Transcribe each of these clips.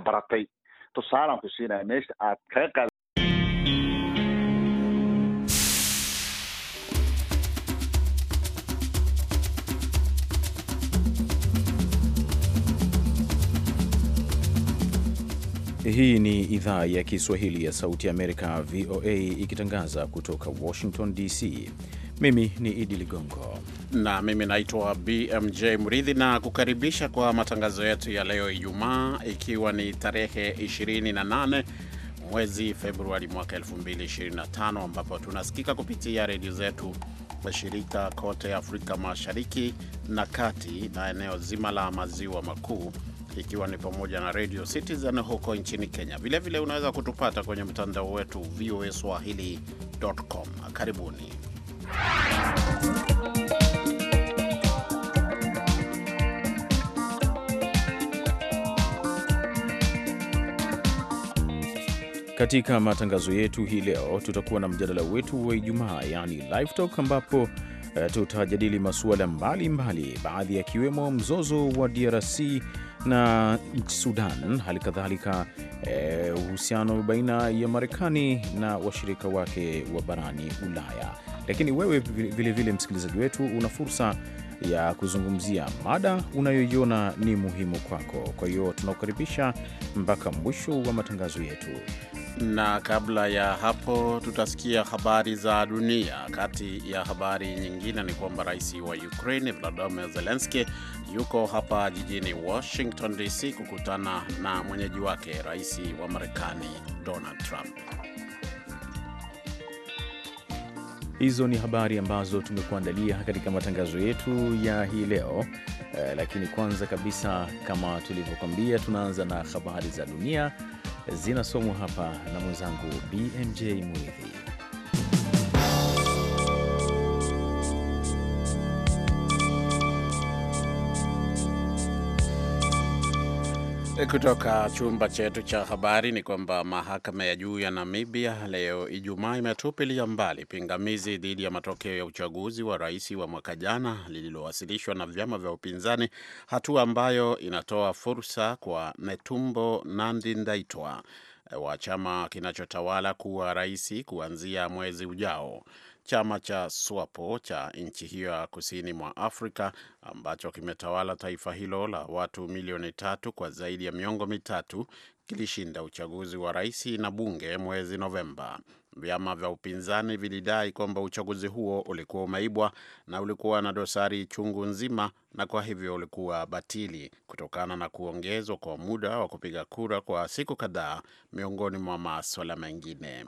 wax baratay tusaalean ku siinaya meesha aad kaga qaad Hii ni idhaa ya Kiswahili ya Sauti Amerika, VOA, ikitangaza kutoka Washington DC. Mimi ni Idi Ligongo na mimi naitwa BMJ Mridhi na kukaribisha kwa matangazo yetu ya leo Ijumaa, ikiwa ni tarehe 28 mwezi Februari mwaka 2025 ambapo tunasikika kupitia redio zetu mashirika kote Afrika Mashariki na Kati na eneo zima la Maziwa Makuu, ikiwa ni pamoja na Radio Citizen huko nchini Kenya. Vilevile unaweza kutupata kwenye mtandao wetu voa swahili.com. Karibuni. Katika matangazo yetu hii leo tutakuwa na mjadala wetu wa Ijumaa yani live talk, ambapo eh, tutajadili masuala mbalimbali, baadhi yakiwemo mzozo wa DRC na nchi Sudan, hali kadhalika eh, uhusiano e, baina ya Marekani na washirika wake wa barani Ulaya. Lakini wewe vilevile, msikilizaji wetu, una fursa ya kuzungumzia mada unayoiona ni muhimu kwako. Kwa hiyo tunakukaribisha mpaka mwisho wa matangazo yetu na kabla ya hapo tutasikia habari za dunia. Kati ya habari nyingine ni kwamba rais wa Ukraine Vladimir Zelensky yuko hapa jijini Washington DC kukutana na mwenyeji wake rais wa Marekani Donald Trump. Hizo ni habari ambazo tumekuandalia katika matangazo yetu ya hii leo eh, lakini kwanza kabisa, kama tulivyokwambia, tunaanza na habari za dunia zinasomwa hapa na mwenzangu BMJ Mwidhi. Eh, kutoka chumba chetu cha habari ni kwamba mahakama ya juu ya Namibia leo Ijumaa imetupilia mbali pingamizi dhidi ya matokeo ya uchaguzi wa rais wa mwaka jana lililowasilishwa na vyama vya upinzani, hatua ambayo inatoa fursa kwa Netumbo Nandi Ndaitwa eh, wa chama kinachotawala kuwa rais kuanzia mwezi ujao chama cha SWAPO cha nchi hiyo ya kusini mwa Afrika ambacho kimetawala taifa hilo la watu milioni tatu kwa zaidi ya miongo mitatu kilishinda uchaguzi wa rais na bunge mwezi Novemba. Vyama vya upinzani vilidai kwamba uchaguzi huo ulikuwa umeibwa na ulikuwa na dosari chungu nzima na kwa hivyo ulikuwa batili, kutokana na kuongezwa kwa muda wa kupiga kura kwa siku kadhaa, miongoni mwa maswala mengine.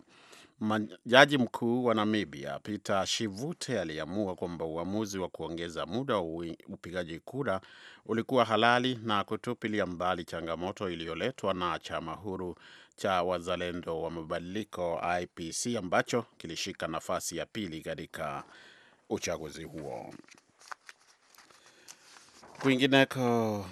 Jaji mkuu wa Namibia Peter Shivute aliamua kwamba uamuzi wa kuongeza muda wa upigaji kura ulikuwa halali na kutupilia mbali changamoto iliyoletwa na chama huru cha wazalendo wa mabadiliko IPC ambacho kilishika nafasi ya pili katika uchaguzi huo. Kwingineko,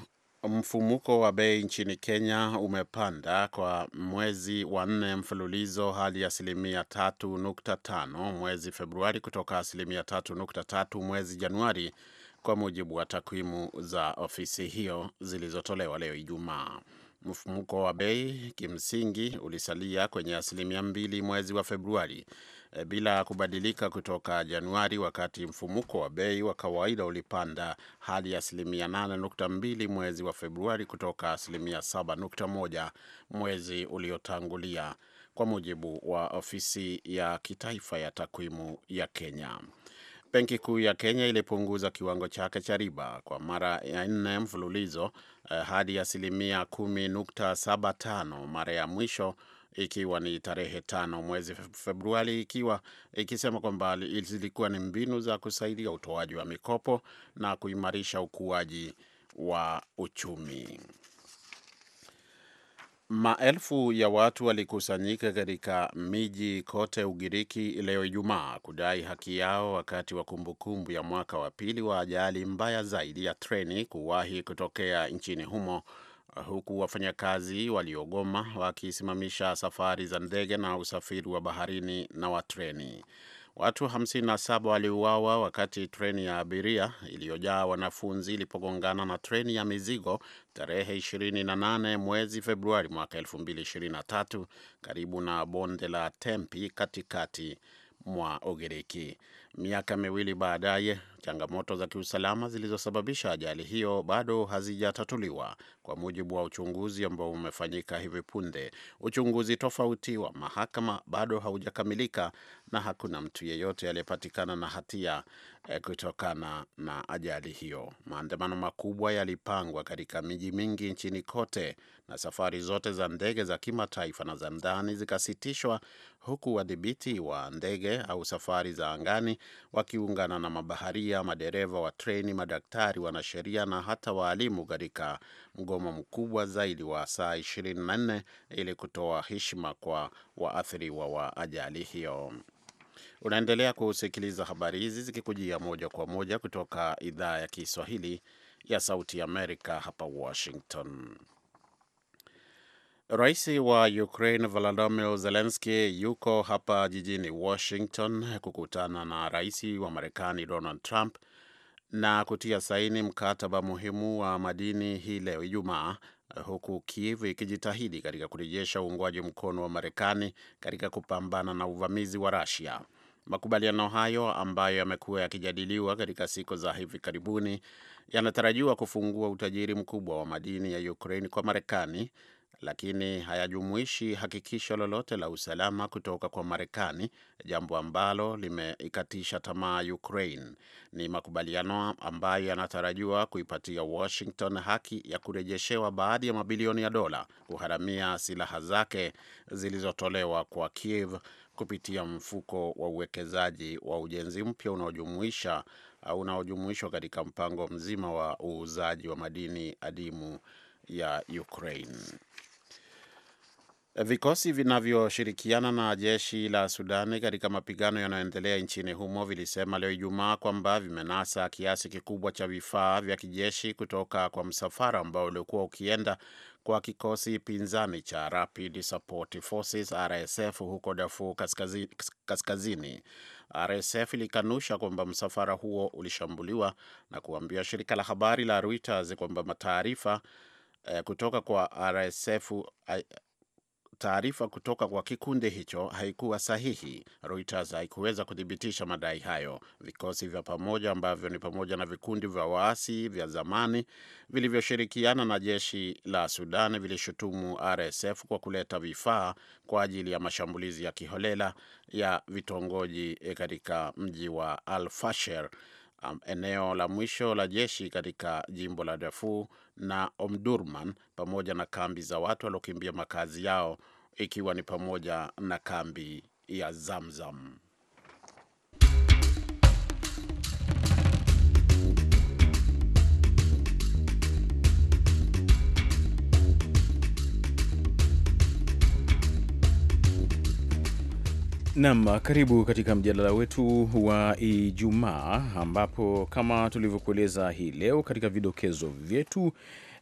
Mfumuko wa bei nchini Kenya umepanda kwa mwezi wa nne mfululizo hadi asilimia 3.5 mwezi Februari kutoka asilimia 3.3 mwezi Januari, kwa mujibu wa takwimu za ofisi hiyo zilizotolewa leo Ijumaa mfumuko wa bei kimsingi ulisalia kwenye asilimia mbili mwezi wa Februari e, bila kubadilika kutoka Januari, wakati mfumuko wa bei wa kawaida ulipanda hadi asilimia 8.2 mwezi wa Februari kutoka asilimia 7.1 mwezi uliotangulia, kwa mujibu wa ofisi ya kitaifa ya takwimu ya Kenya. Benki Kuu ya Kenya ilipunguza kiwango chake cha riba kwa mara ya nne mfululizo eh, hadi asilimia 10.75 mara ya mwisho ikiwa ni tarehe tano mwezi Februari, ikiwa ikisema kwamba zilikuwa ni mbinu za kusaidia utoaji wa mikopo na kuimarisha ukuaji wa uchumi. Maelfu ya watu walikusanyika katika miji kote Ugiriki leo Ijumaa kudai haki yao wakati wa kumbukumbu ya mwaka wa pili wa ajali mbaya zaidi ya treni kuwahi kutokea nchini humo, huku wafanyakazi waliogoma wakisimamisha safari za ndege na usafiri wa baharini na wa treni. Watu 57 waliuawa wakati treni ya abiria iliyojaa wanafunzi ilipogongana na treni ya mizigo tarehe 28 mwezi Februari mwaka 2023 karibu na bonde la Tempi katikati mwa Ugiriki. Miaka miwili baadaye, changamoto za kiusalama zilizosababisha ajali hiyo bado hazijatatuliwa, kwa mujibu wa uchunguzi ambao umefanyika hivi punde. Uchunguzi tofauti wa mahakama bado haujakamilika na hakuna mtu yeyote aliyepatikana na hatia Eh, kutokana na ajali hiyo. Maandamano makubwa yalipangwa katika miji mingi nchini kote na safari zote za ndege za kimataifa na za ndani zikasitishwa, huku wadhibiti wa ndege au safari za angani wakiungana na mabaharia, madereva wa treni, madaktari, wanasheria na hata waalimu katika mgomo mkubwa zaidi wa saa 24 ili kutoa heshima kwa waathiriwa wa ajali hiyo. Unaendelea kusikiliza habari hizi zikikujia moja kwa moja kutoka idhaa ya Kiswahili ya Sauti ya Amerika hapa Washington. Rais wa Ukraine Volodymyr Zelensky yuko hapa jijini Washington kukutana na rais wa Marekani Donald Trump na kutia saini mkataba muhimu wa madini hii leo Ijumaa, huku Kiev ikijitahidi katika kurejesha uungwaji mkono wa Marekani katika kupambana na uvamizi wa rasia Makubaliano hayo ambayo yamekuwa yakijadiliwa katika siku za hivi karibuni yanatarajiwa kufungua utajiri mkubwa wa madini ya Ukraine kwa Marekani, lakini hayajumuishi hakikisho lolote la usalama kutoka kwa Marekani, jambo ambalo limeikatisha tamaa Ukraine. Ni makubaliano ambayo yanatarajiwa kuipatia Washington haki ya kurejeshewa baadhi ya mabilioni ya dola kuharamia silaha zake zilizotolewa kwa Kiev kupitia mfuko wa uwekezaji wa ujenzi mpya unaojumuisha au uh, unaojumuishwa katika mpango mzima wa uuzaji wa madini adimu ya Ukraine. Vikosi vinavyoshirikiana na jeshi la Sudani katika mapigano yanayoendelea nchini humo vilisema leo Ijumaa kwamba vimenasa kiasi kikubwa cha vifaa vya kijeshi kutoka kwa msafara ambao ulikuwa ukienda kwa kikosi pinzani cha Rapid Support Forces RSF huko Darfur kaskazini, kaskazini. RSF ilikanusha kwamba msafara huo ulishambuliwa na kuambia shirika la habari la Reuters kwamba mataarifa eh, kutoka kwa RSF taarifa kutoka kwa kikundi hicho haikuwa sahihi. Reuters haikuweza kuthibitisha madai hayo. Vikosi vya pamoja ambavyo ni pamoja na vikundi vya waasi vya zamani vilivyoshirikiana na jeshi la Sudan vilishutumu RSF kwa kuleta vifaa kwa ajili ya mashambulizi ya kiholela ya vitongoji eh, katika mji wa Al Fasher um, eneo la mwisho la jeshi katika jimbo la Darfur na Omdurman pamoja na kambi za watu waliokimbia makazi yao ikiwa ni pamoja na kambi ya Zamzam. Nam, karibu katika mjadala wetu wa Ijumaa, ambapo kama tulivyokueleza hii leo katika vidokezo vyetu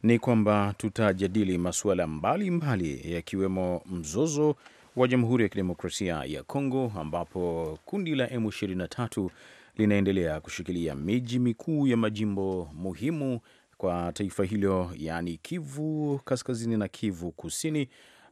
ni kwamba tutajadili masuala mbalimbali yakiwemo mzozo wa Jamhuri ya Kidemokrasia ya Kongo, ambapo kundi la M23 linaendelea kushikilia miji mikuu ya majimbo muhimu kwa taifa hilo, yaani Kivu Kaskazini na Kivu Kusini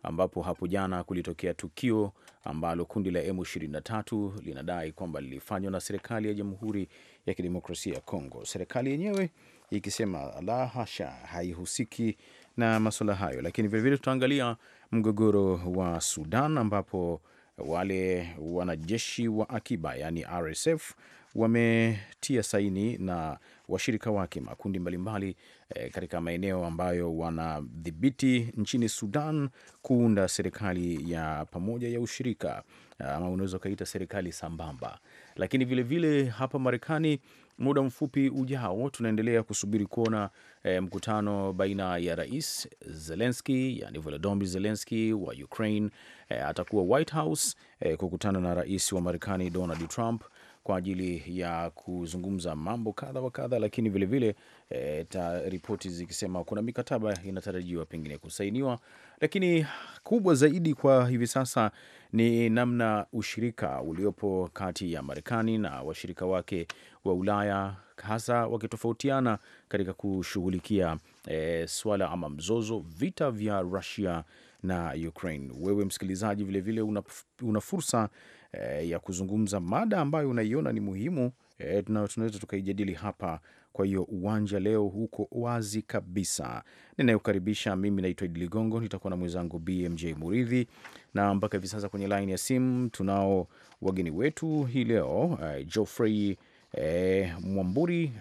ambapo hapo jana kulitokea tukio ambalo kundi la M23 linadai kwamba lilifanywa na serikali ya Jamhuri ya Kidemokrasia ya Kongo, serikali yenyewe ikisema la hasha, haihusiki na masuala hayo. Lakini vilevile tutaangalia mgogoro wa Sudan ambapo wale wanajeshi wa akiba yaani RSF wametia saini na washirika wake makundi mbalimbali e, katika maeneo ambayo wanadhibiti nchini Sudan kuunda serikali ya pamoja ya ushirika ah, ama unaweza ukaita serikali sambamba. Lakini vilevile vile hapa Marekani, muda mfupi ujao, tunaendelea kusubiri kuona e, mkutano baina ya Rais Zelenski, yani volodomi Zelenski wa Ukraine e, atakuwa White House e, kukutana na rais wa Marekani Donald Trump kwa ajili ya kuzungumza mambo kadha wa kadha, lakini vilevile e, eh, ripoti zikisema kuna mikataba inatarajiwa pengine kusainiwa, lakini kubwa zaidi kwa hivi sasa ni namna ushirika uliopo kati ya Marekani na washirika wake wa Ulaya hasa wakitofautiana katika kushughulikia e, swala ama mzozo vita vya Russia na Ukraine. Wewe msikilizaji, vilevile una, una fursa e, ya kuzungumza mada ambayo unaiona ni muhimu e, tunaweza tukaijadili hapa. Kwa hiyo uwanja leo huko wazi kabisa. Ninayokaribisha mimi naitwa Idi Ligongo, nitakuwa na mwenzangu BMJ Muridhi, na mpaka hivi sasa kwenye laini ya simu tunao wageni wetu hii leo uh, Geoffrey E, Mwamburi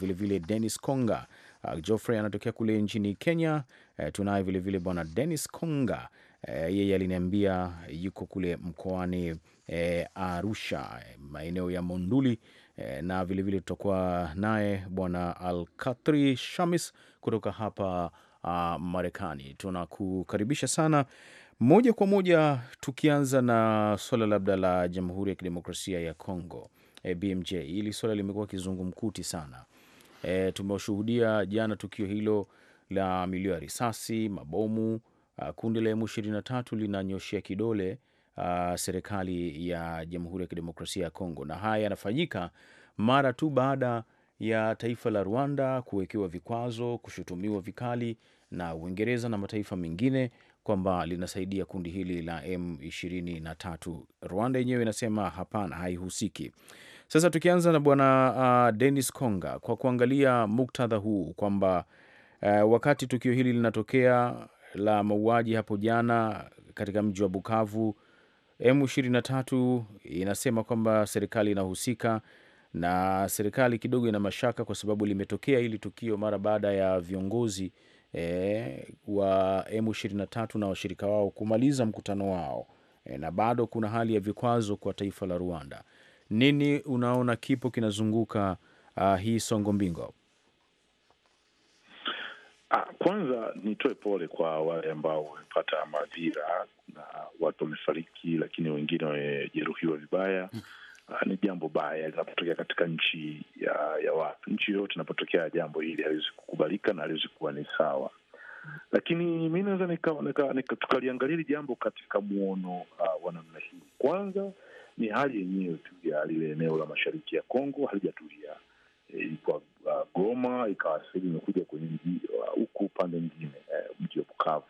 vilevile ah, uh, Dennis Konga. Ah, Geoffrey anatokea kule nchini Kenya. Uh, tunaye vilevile bwana Dennis Konga, yeye aliniambia yuko kule mkoani e, Arusha, e, maeneo ya Monduli e, na vilevile tutakuwa naye bwana Alkatri Shamis kutoka hapa Marekani. Tunakukaribisha sana moja kwa moja, tukianza na swala labda la Jamhuri ya Kidemokrasia ya Kongo. E, BMJ, hili swala limekuwa kizungumkuti sana. E, tumeshuhudia jana tukio hilo la milio ya risasi, mabomu. Kundi la M23 linanyoshea kidole uh, serikali ya Jamhuri ya Kidemokrasia ya Kongo, na haya yanafanyika mara tu baada ya taifa la Rwanda kuwekewa vikwazo, kushutumiwa vikali na Uingereza na mataifa mengine kwamba linasaidia kundi hili la M23. Rwanda yenyewe inasema hapana, haihusiki. Sasa tukianza na bwana uh, Dennis Konga kwa kuangalia muktadha huu kwamba uh, wakati tukio hili linatokea la mauaji hapo jana katika mji wa Bukavu M23 inasema kwamba serikali inahusika na serikali kidogo ina mashaka kwa sababu limetokea hili tukio mara baada ya viongozi e, wa M23 na washirika wao kumaliza mkutano wao e, na bado kuna hali ya vikwazo kwa taifa la Rwanda. Nini unaona kipo kinazunguka uh, hii songo mbingo? Ah, kwanza nitoe pole kwa wale ambao wamepata madhira na watu wamefariki, lakini wengine wamejeruhiwa vibaya. Uh, ni jambo baya linapotokea katika nchi ya, ya watu. Nchi yoyote inapotokea jambo hili haliwezi kukubalika na haliwezi kuwa ni sawa, lakini mi naweza tukaliangalia hili jambo katika muono uh, wa namna hii. Kwanza ni hali yenyewe tu ya lile eneo la mashariki ya Kongo halijatulia. E, ilikuwa e, uh, Goma ikawa sasa hivi imekuja kwenye mji huku uh, upande mwingine uh, mji wa Bukavu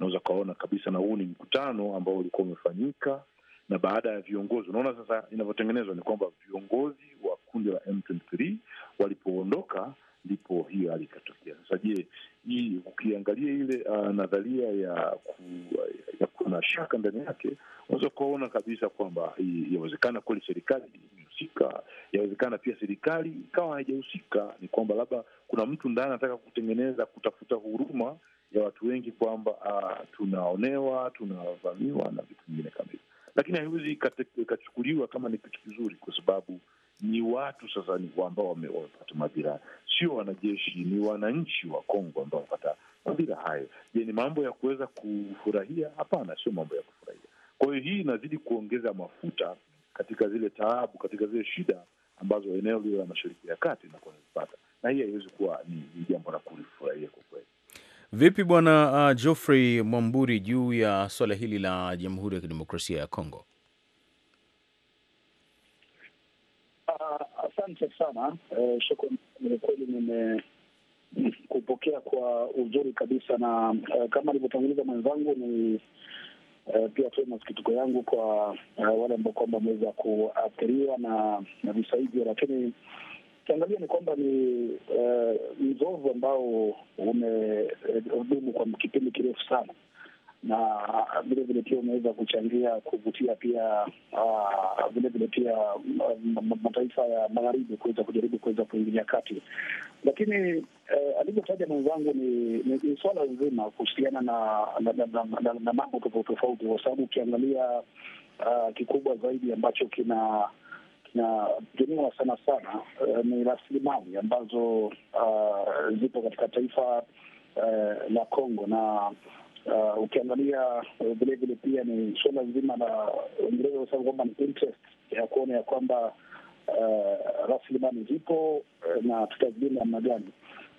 unaweza ukaona kabisa, na huu ni mkutano ambao ulikuwa umefanyika na baada ya viongozi. Unaona sasa inavyotengenezwa ni kwamba viongozi wa kundi la M23 walipoondoka ndipo hiyo hali ikatokea. Sasa je, hii ukiangalia ile uh, nadharia ya ku, ya kuna shaka ndani yake, unaweza kuona kabisa kwamba yawezekana kweli serikali imehusika, yawezekana pia serikali ikawa haijahusika. Ni kwamba labda kuna mtu ndani anataka kutengeneza, kutafuta huruma ya watu wengi kwamba uh, tunaonewa, tunavamiwa na vitu vingine kama hivyo, lakini haiwezi ikachukuliwa kama ni kitu kizuri, kwa sababu ni watu sasa ni ambao wamepata madhira, sio wanajeshi, ni wananchi wa Kongo ambao wamepata madhira hayo. Je, ni mambo ya kuweza kufurahia? Hapana, sio mambo ya kufurahia. Kwa hiyo hii inazidi kuongeza mafuta katika zile taabu, katika zile shida ambazo eneo lile la Mashariki ya Kati inakuwa nazipata, na hii haiwezi kuwa ni jambo la kulifurahia kwa Vipi bwana uh, Geoffrey uh, Mwamburi, juu ya swala hili la Jamhuri ya Kidemokrasia ya Kongo? Uh, asante sana uh, shukrani. Kweli nimekupokea kwa uzuri kabisa, na uh, kama alivyotanguliza mwenzangu ni uh, pia tuwe masikitiko yangu kwa uh, wale ambao kwamba wameweza kuathiriwa na na visa hivyo, lakini Ukiangalia ni kwamba ni uh, mzozo ambao umehudumu kwa kipindi kirefu sana, na vile vile pia umeweza kuchangia kuvutia pia uh, vile vile pia uh, mataifa ya magharibi kuweza kujaribu kuweza kuingilia kati, lakini uh, alivyotaja mwenzangu ni, ni, ni swala nzima kuhusiana na, na, na, na, na, na mambo tofauti tofauti, kwa sababu ukiangalia uh, kikubwa zaidi ambacho kina na tumiwa sana sana uh, ni rasilimali ambazo uh, zipo katika taifa uh, la congo na uh, ukiangalia vilevile eh, uh, pia ni suala zima la Uingereza kusema kwamba ni interest ya kuona ya kwamba uh, rasilimali zipo uh, na tutazidi namna gani,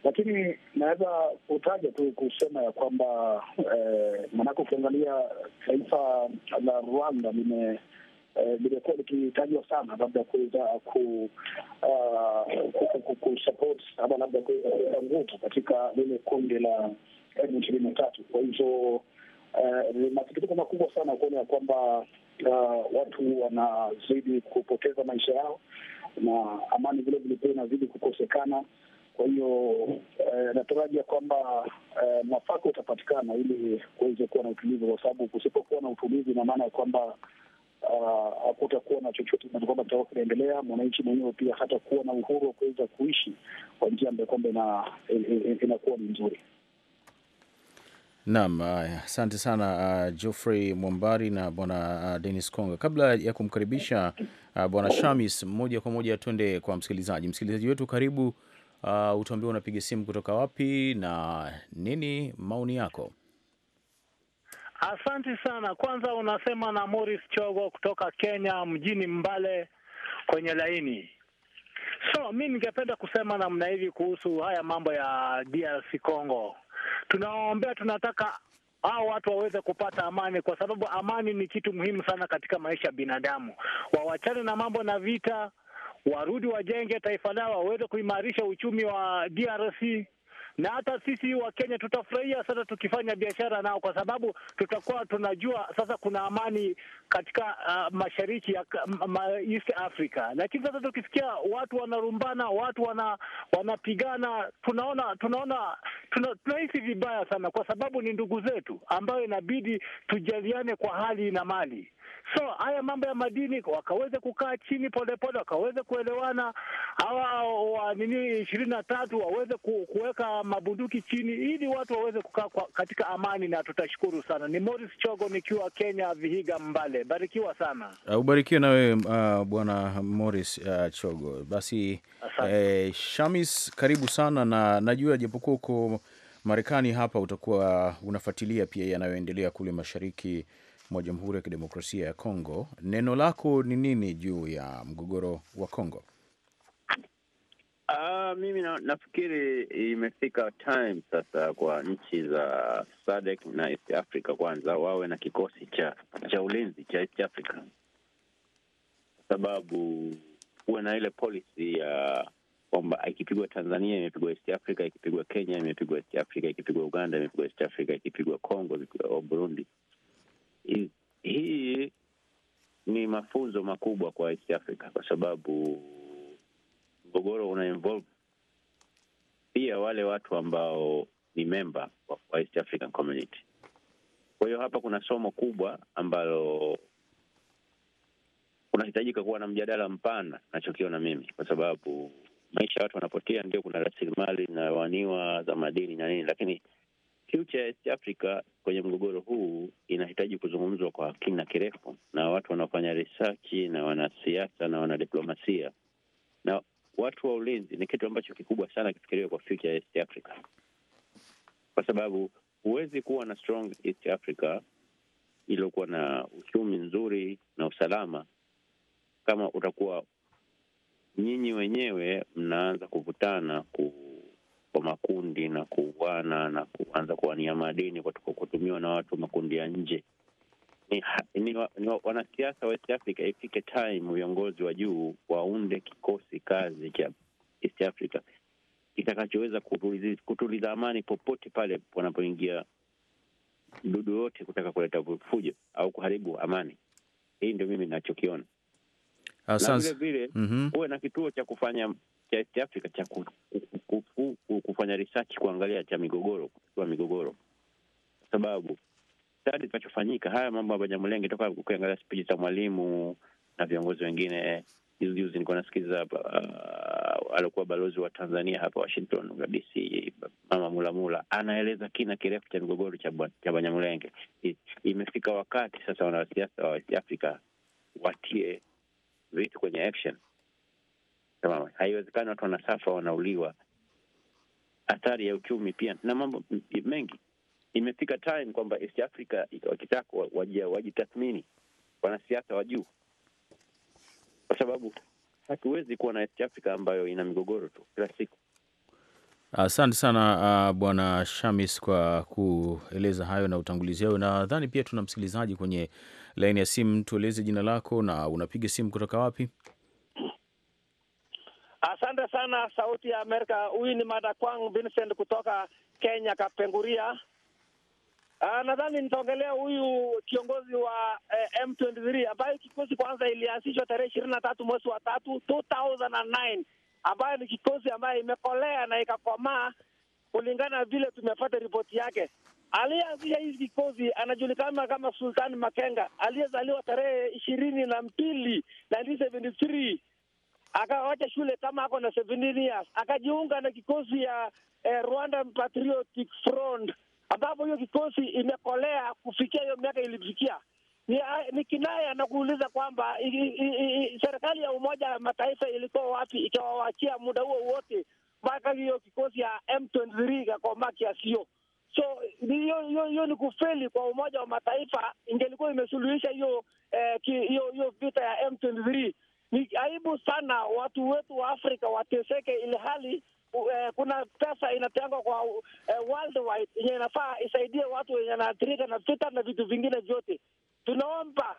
lakini naweza kutaja tu kusema ya kwamba uh, maanake ukiangalia taifa la Rwanda lime limekuwa eh, likitajwa sana, labda kuweza ku eh, kusupport ama labda kuweza kuweka nguvu katika lile kundi la M ishirini na tatu. Kwa hivyo eh, ni masikitiko makubwa sana kuona ya kwamba watu wanazidi kupoteza maisha yao na amani vilevile pia inazidi kukosekana. Kwa hiyo natarajia kwamba mwafaka utapatikana ili kuweze kuwa na utulivu, kwa sababu kusipokuwa na utulivu, ina maana ya kwamba Ah, hakutakuwa na chochote ambacho kwamba kitakuwa kinaendelea. Mwananchi mwenyewe pia hata kuwa na uhuru wa kuweza kuishi kwa njia ambayo kwamba e, e, e, inakuwa ni nzuri. Naam, asante sana ah, Geoffrey Mwambari na bwana uh, Dennis Konga. Kabla ya kumkaribisha uh, bwana Shamis, moja kwa moja tuende kwa msikilizaji. Msikilizaji wetu karibu, uh, utuambie unapiga simu kutoka wapi na nini maoni yako? Asante sana. Kwanza unasema na Morris Chogo kutoka Kenya, mjini Mbale kwenye laini. So mi ningependa kusema namna hivi kuhusu haya mambo ya DRC Congo. Tunawaombea, tunataka hao watu waweze kupata amani, kwa sababu amani ni kitu muhimu sana katika maisha ya binadamu. Wawachane na mambo na vita, warudi wajenge taifa lao, waweze kuimarisha uchumi wa DRC na hata sisi wa Kenya tutafurahia sasa tukifanya biashara nao, kwa sababu tutakuwa tunajua sasa kuna amani katika uh, mashariki ya ma, East Africa. Lakini sasa tukisikia watu wanarumbana, watu wana wanapigana, tunaona tunaona tunahisi tuna vibaya sana, kwa sababu ni ndugu zetu ambayo inabidi tujaliane kwa hali na mali. So haya mambo ya madini wakaweze kukaa chini polepole, wakaweze kuelewana, hawa wa nini ishirini na tatu waweze kuweka mabunduki chini ili watu waweze kukaa katika amani, na tutashukuru sana. Ni Morris Chogo nikiwa Kenya, Vihiga, Mbale. Barikiwa sana. Uh, ubarikiwe nawe uh, bwana Morris uh, Chogo. Basi eh, Shamis, karibu sana, na najua japokuwa uko Marekani hapa utakuwa unafuatilia pia yanayoendelea kule mashariki mwa Jamhuri ya Kidemokrasia ya Kongo. Neno lako ni nini juu ya mgogoro wa Kongo? Uh, mimi na, nafikiri imefika time sasa kwa nchi za SADC na East Africa kwanza wawe na kikosi cha cha ulinzi cha East Africa, kwa sababu huwe na ile policy ya kwamba ikipigwa Tanzania imepigwa East Africa, ikipigwa Kenya imepigwa East Africa, ikipigwa Uganda imepigwa East Africa, ikipigwa Congo au Burundi hii ni mafunzo makubwa kwa East Africa kwa sababu mgogoro una involve pia wale watu ambao ni memba wa East African Community. Kwa hiyo hapa kuna somo kubwa ambalo kunahitajika kuwa na mjadala mpana, nachokiona mimi, kwa sababu maisha ya watu wanapotea, ndio kuna rasilimali zinawaniwa za madini na nini, lakini future ya East Africa kwenye mgogoro huu inahitaji kuzungumzwa kwa kina kirefu na watu wanaofanya risachi na wanasiasa na wanadiplomasia na watu wa ulinzi. Ni kitu ambacho kikubwa sana kifikiriwe kwa future ya East Africa, kwa sababu huwezi kuwa na strong East Africa iliyokuwa na uchumi nzuri na usalama kama utakuwa nyinyi wenyewe mnaanza kuvutana ku kwa makundi na kuuana na kuanza kuwania madini kwa kutumiwa na watu makundi ya nje. Ni, ni, ni wanasiasa wa East Africa, ifike time viongozi wa juu waunde kikosi kazi cha East Africa kitakachoweza kutuliza, amani popote pale wanapoingia dudu yote kutaka kuleta fujo au kuharibu amani. Hii ndio mimi nachokiona, na vilevile mhm. kuwe na kituo cha kufanya cha Africa cha kufanya research kuangalia cha migogoro, kwa migogoro, kwa sababu sadi zinachofanyika haya mambo ya Banyamulenge toka ukiangalia spichi za mwalimu na viongozi wengine. Juzi juzi nilikuwa nasikiza uh, alikuwa balozi wa Tanzania hapa Washington DC, mama Mulamula anaeleza kina kirefu cha migogoro cha Banyamulenge. Imefika wakati sasa wanasiasa wa Afrika watie vitu kwenye action haiwezekani watu wanasafa, wanauliwa, athari ya uchumi pia na mambo mengi. Imefika time kwamba East Africa wakitaka wajitathmini, wanasiasa wa juu, kwa sababu hatuwezi kuwa na East Africa ambayo ina migogoro tu kila siku. Asante sana uh, Bwana Shamis kwa kueleza hayo na utangulizi hayo. Nadhani pia tuna msikilizaji kwenye laini ya simu. Tueleze jina lako na unapiga simu kutoka wapi? sana Sauti ya Amerika. Huyu ni Kwang Vincent kutoka Kenya, Kapenguria. Uh, nadhani nitaongelea huyu kiongozi wa eh, M23 ambayo kikosi kwanza ilianzishwa tarehe ishirini na tatu mwezi wa tatu 2009 ambayo ni kikosi ambayo imekolea na ikakomaa kulingana vile tumepata ripoti yake. Aliyeanzisha hii kikosi anajulikana kama Sultani Makenga aliyezaliwa tarehe ishirini na mbili 1973 akawacha shule kama ako na 17 years akajiunga na kikosi ya eh, Rwanda Patriotic Front, ambapo hiyo kikosi imekolea kufikia hiyo miaka ilifikia. Ni, ah, ni kinaya anakuuliza kwamba serikali ya Umoja wa Mataifa ilikuwa wapi ikawawachia muda huo wote mpaka hiyo kikosi ya M23 ikakoma kiasi hiyo. So hiyo ni kufeli kwa Umoja wa Mataifa, ingelikuwa imesuluhisha hiyo eh, hiyo eh, vita ya M23 ni aibu sana watu wetu wa Afrika wateseke, ili hali uh, eh, kuna pesa inatengwa kwa uh, worldwide yenye inafaa isaidie watu wenye anaathirika na vita na vitu vingine vyote. Tunaomba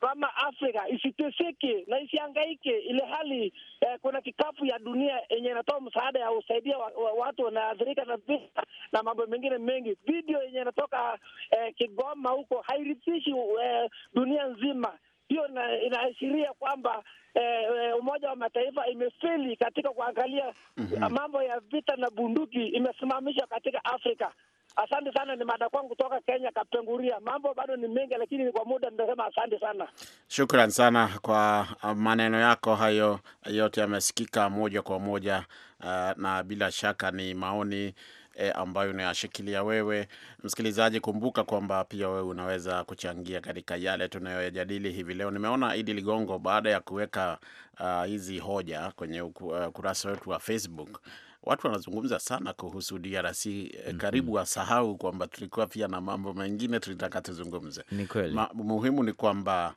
kama Afrika isiteseke na isiangaike, ili hali eh, kuna kikapu ya dunia yenye inatoa msaada ya usaidia wa, wa, watu wanaathirika na vita na mambo mengine mengi. Video yenye inatoka eh, Kigoma huko hairithishi eh, dunia nzima hiyo inaashiria kwamba eh, eh, Umoja wa Mataifa imefeli katika kuangalia mm -hmm. mambo ya vita na bunduki imesimamishwa katika Afrika. Asante sana, ni mada kwangu kutoka Kenya, Kapenguria. Mambo bado ni mengi, lakini kwa muda nitasema asante sana. Shukran sana kwa uh, maneno yako hayo, yote yamesikika moja kwa moja, uh, na bila shaka ni maoni e, ambayo unayashikilia wewe. Msikilizaji, kumbuka kwamba pia wewe unaweza kuchangia katika yale tunayoyajadili hivi leo. Nimeona Idi Ligongo baada ya kuweka uh, hizi hoja kwenye ukurasa uh, wetu wa Facebook watu wanazungumza sana kuhusu DRC e, mhm. karibu wasahau kwamba tulikuwa pia na mambo mengine tulitaka tuzungumze. Ni kweli. muhimu ni kwamba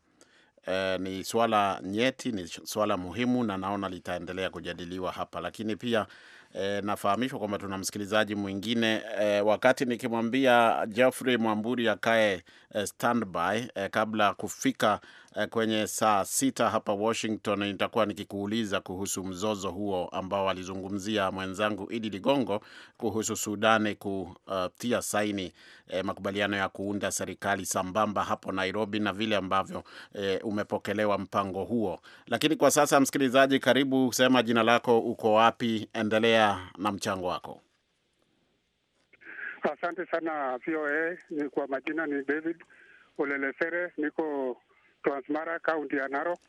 eh, ni swala nyeti, ni swala muhimu na naona litaendelea kujadiliwa hapa, lakini pia E, nafahamishwa kwamba tuna msikilizaji mwingine e, wakati nikimwambia Geoffrey Mwamburi akae e, standby e, kabla kufika Eh, kwenye saa sita hapa Washington nitakuwa nikikuuliza kuhusu mzozo huo ambao alizungumzia mwenzangu Idi Ligongo kuhusu Sudani kutia uh, saini eh, makubaliano ya kuunda serikali sambamba hapo Nairobi na vile ambavyo eh, umepokelewa mpango huo. Lakini kwa sasa, msikilizaji, karibu sema jina lako, uko wapi, endelea na mchango wako. Asante sana VOA. Kwa majina ni David Olelesere, niko Transmara, kaunti ya Narok,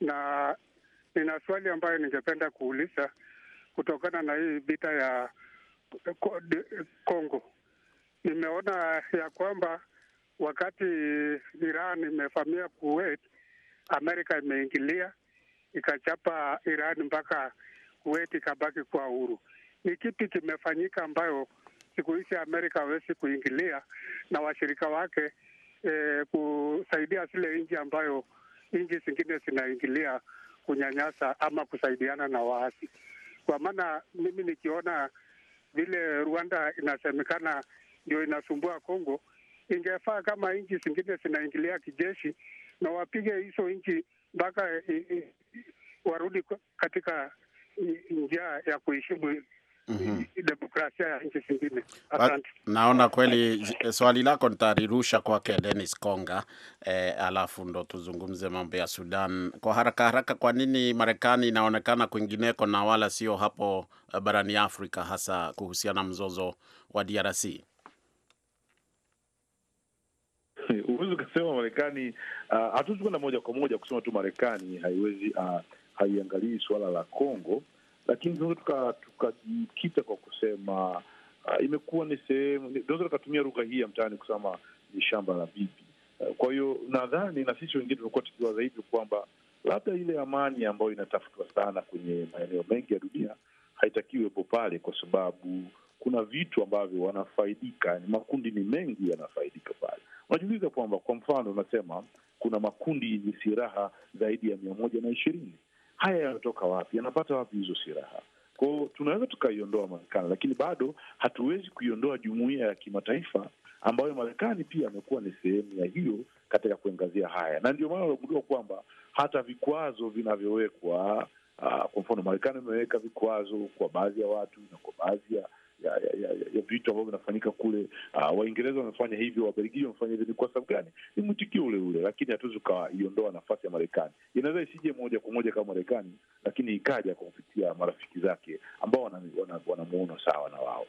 na nina swali ambayo ningependa kuuliza kutokana na hii vita ya Kongo. Nimeona ya kwamba wakati Iran imevamia Kuwait, Amerika imeingilia ikachapa Iran mpaka Kuwait ikabaki kwa uhuru. Ni kipi kimefanyika ambayo siku hizi Amerika hawezi kuingilia na washirika wake eh, kusaidia zile nchi ambayo nchi zingine zinaingilia kunyanyasa ama kusaidiana na waasi. Kwa maana mimi nikiona vile Rwanda inasemekana ndio inasumbua Kongo, ingefaa kama nchi zingine zinaingilia kijeshi na wapige hizo nchi mpaka warudi katika njia ya kuheshimu mm -hmm. demokrasia ya nchi zingine. Asante. Naona kweli swali lako nitarirusha kwake Dennis Konga eh, alafu ndo tuzungumze mambo ya Sudan kwa haraka haraka. Kwa nini Marekani inaonekana kwingineko na wala sio hapo eh, barani Afrika, hasa kuhusiana na mzozo wa DRC? Huwezi ukasema Marekani ah, hatuwezi uh, kwenda moja kwa moja kusema tu Marekani haiwezi uh, haiangalii suala la congo lakini tunaweza tukajikita kwa kusema uh, imekuwa ni sehemu, tunaweza tukatumia lugha hii ya mtaani kusema ni shamba la bibi. Uh, kwa hiyo nadhani na sisi wengine tumekuwa tukiwa zaidi kwamba labda ile amani ambayo inatafutwa sana kwenye maeneo mengi ya dunia haitakiwepo pale, kwa sababu kuna vitu ambavyo wanafaidika, makundi ni mengi yanafaidika pale. Unajiuliza kwamba kwa mfano unasema kuna makundi yenye silaha zaidi ya mia moja na ishirini haya yanatoka wapi? Yanapata wapi hizo silaha? Kwao tunaweza tukaiondoa Marekani, lakini bado hatuwezi kuiondoa jumuiya ya kimataifa ambayo Marekani pia amekuwa ni sehemu ya hiyo katika kuangazia haya, na ndio maana unagundua kwamba hata vikwazo vinavyowekwa, ah, kwa mfano Marekani imeweka vikwazo kwa baadhi ya watu na kwa baadhi ya ya, ya, ya, ya vitu ambavyo vinafanyika kule. Uh, Waingereza wamefanya hivyo, Wabelgiji wamefanya hivyo. Ni kwa sababu gani? Ni mwitikio ule ule, lakini hatuwezi ukaiondoa nafasi ya Marekani. Inaweza isije moja kwa moja kama Marekani, lakini ikaja kwa kupitia marafiki zake ambao wanamuona wana, wana sawa na wao.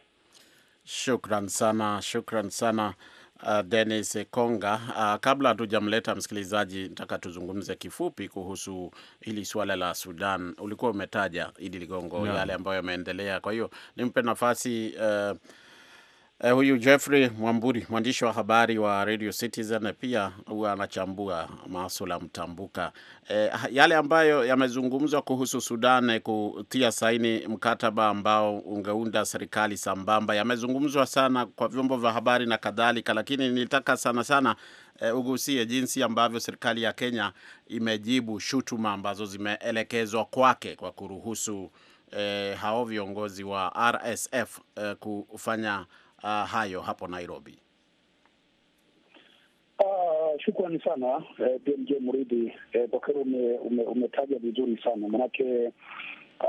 Shukran sana, shukran sana uh, Dennis Konga. Uh, kabla hatujamleta msikilizaji, nataka tuzungumze kifupi kuhusu hili suala la Sudan. Ulikuwa umetaja Idi Ligongo yale ambayo yameendelea, kwa hiyo nimpe nafasi uh, Eh, huyu Jeffrey Mwamburi mwandishi wa habari wa Radio Citizen pia huwa anachambua masuala mtambuka. Eh, yale ambayo yamezungumzwa kuhusu Sudan eh, kutia saini mkataba ambao ungeunda serikali sambamba yamezungumzwa sana kwa vyombo vya habari na kadhalika, lakini nilitaka sana sana eh, ugusie jinsi ambavyo serikali ya Kenya imejibu shutuma ambazo zimeelekezwa kwake kwa kuruhusu eh, hao viongozi wa RSF eh, kufanya uh, hayo hapo Nairobi? Uh, shukrani sana eh, BMJ Muridi eh, Bokero umetaja ume vizuri sana manake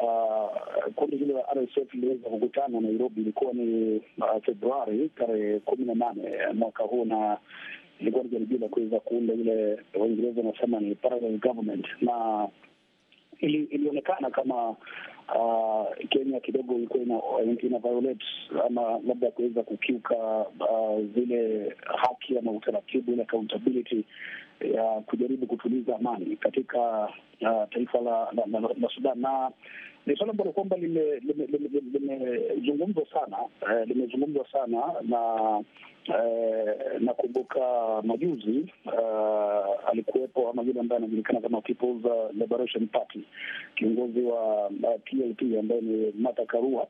Uh, kundi hilo la RSF liliweza kukutana Nairobi, ilikuwa ni uh, Februari tarehe kumi na nane eh, mwaka huu, na ilikuwa ni jaribio la kuweza kuunda ile Waingereza wanasema ni parallel government, na ilionekana ili kama uh, Kenya kidogo ilikuwa ina, ina violate ama labda kuweza kukiuka uh, zile haki ama utaratibu ile accountability ya kujaribu kutuliza amani katika uh, taifa la, la, la, la Sudan na ni suala ambalo kwamba limezungumzwa sana eh, limezungumzwa sana na eh, nakumbuka majuzi uh, alikuwepo ama yule ambaye anajulikana kama People's eh, Liberation Party, kiongozi wa uh, eh, PLP ambaye ni Mata Karua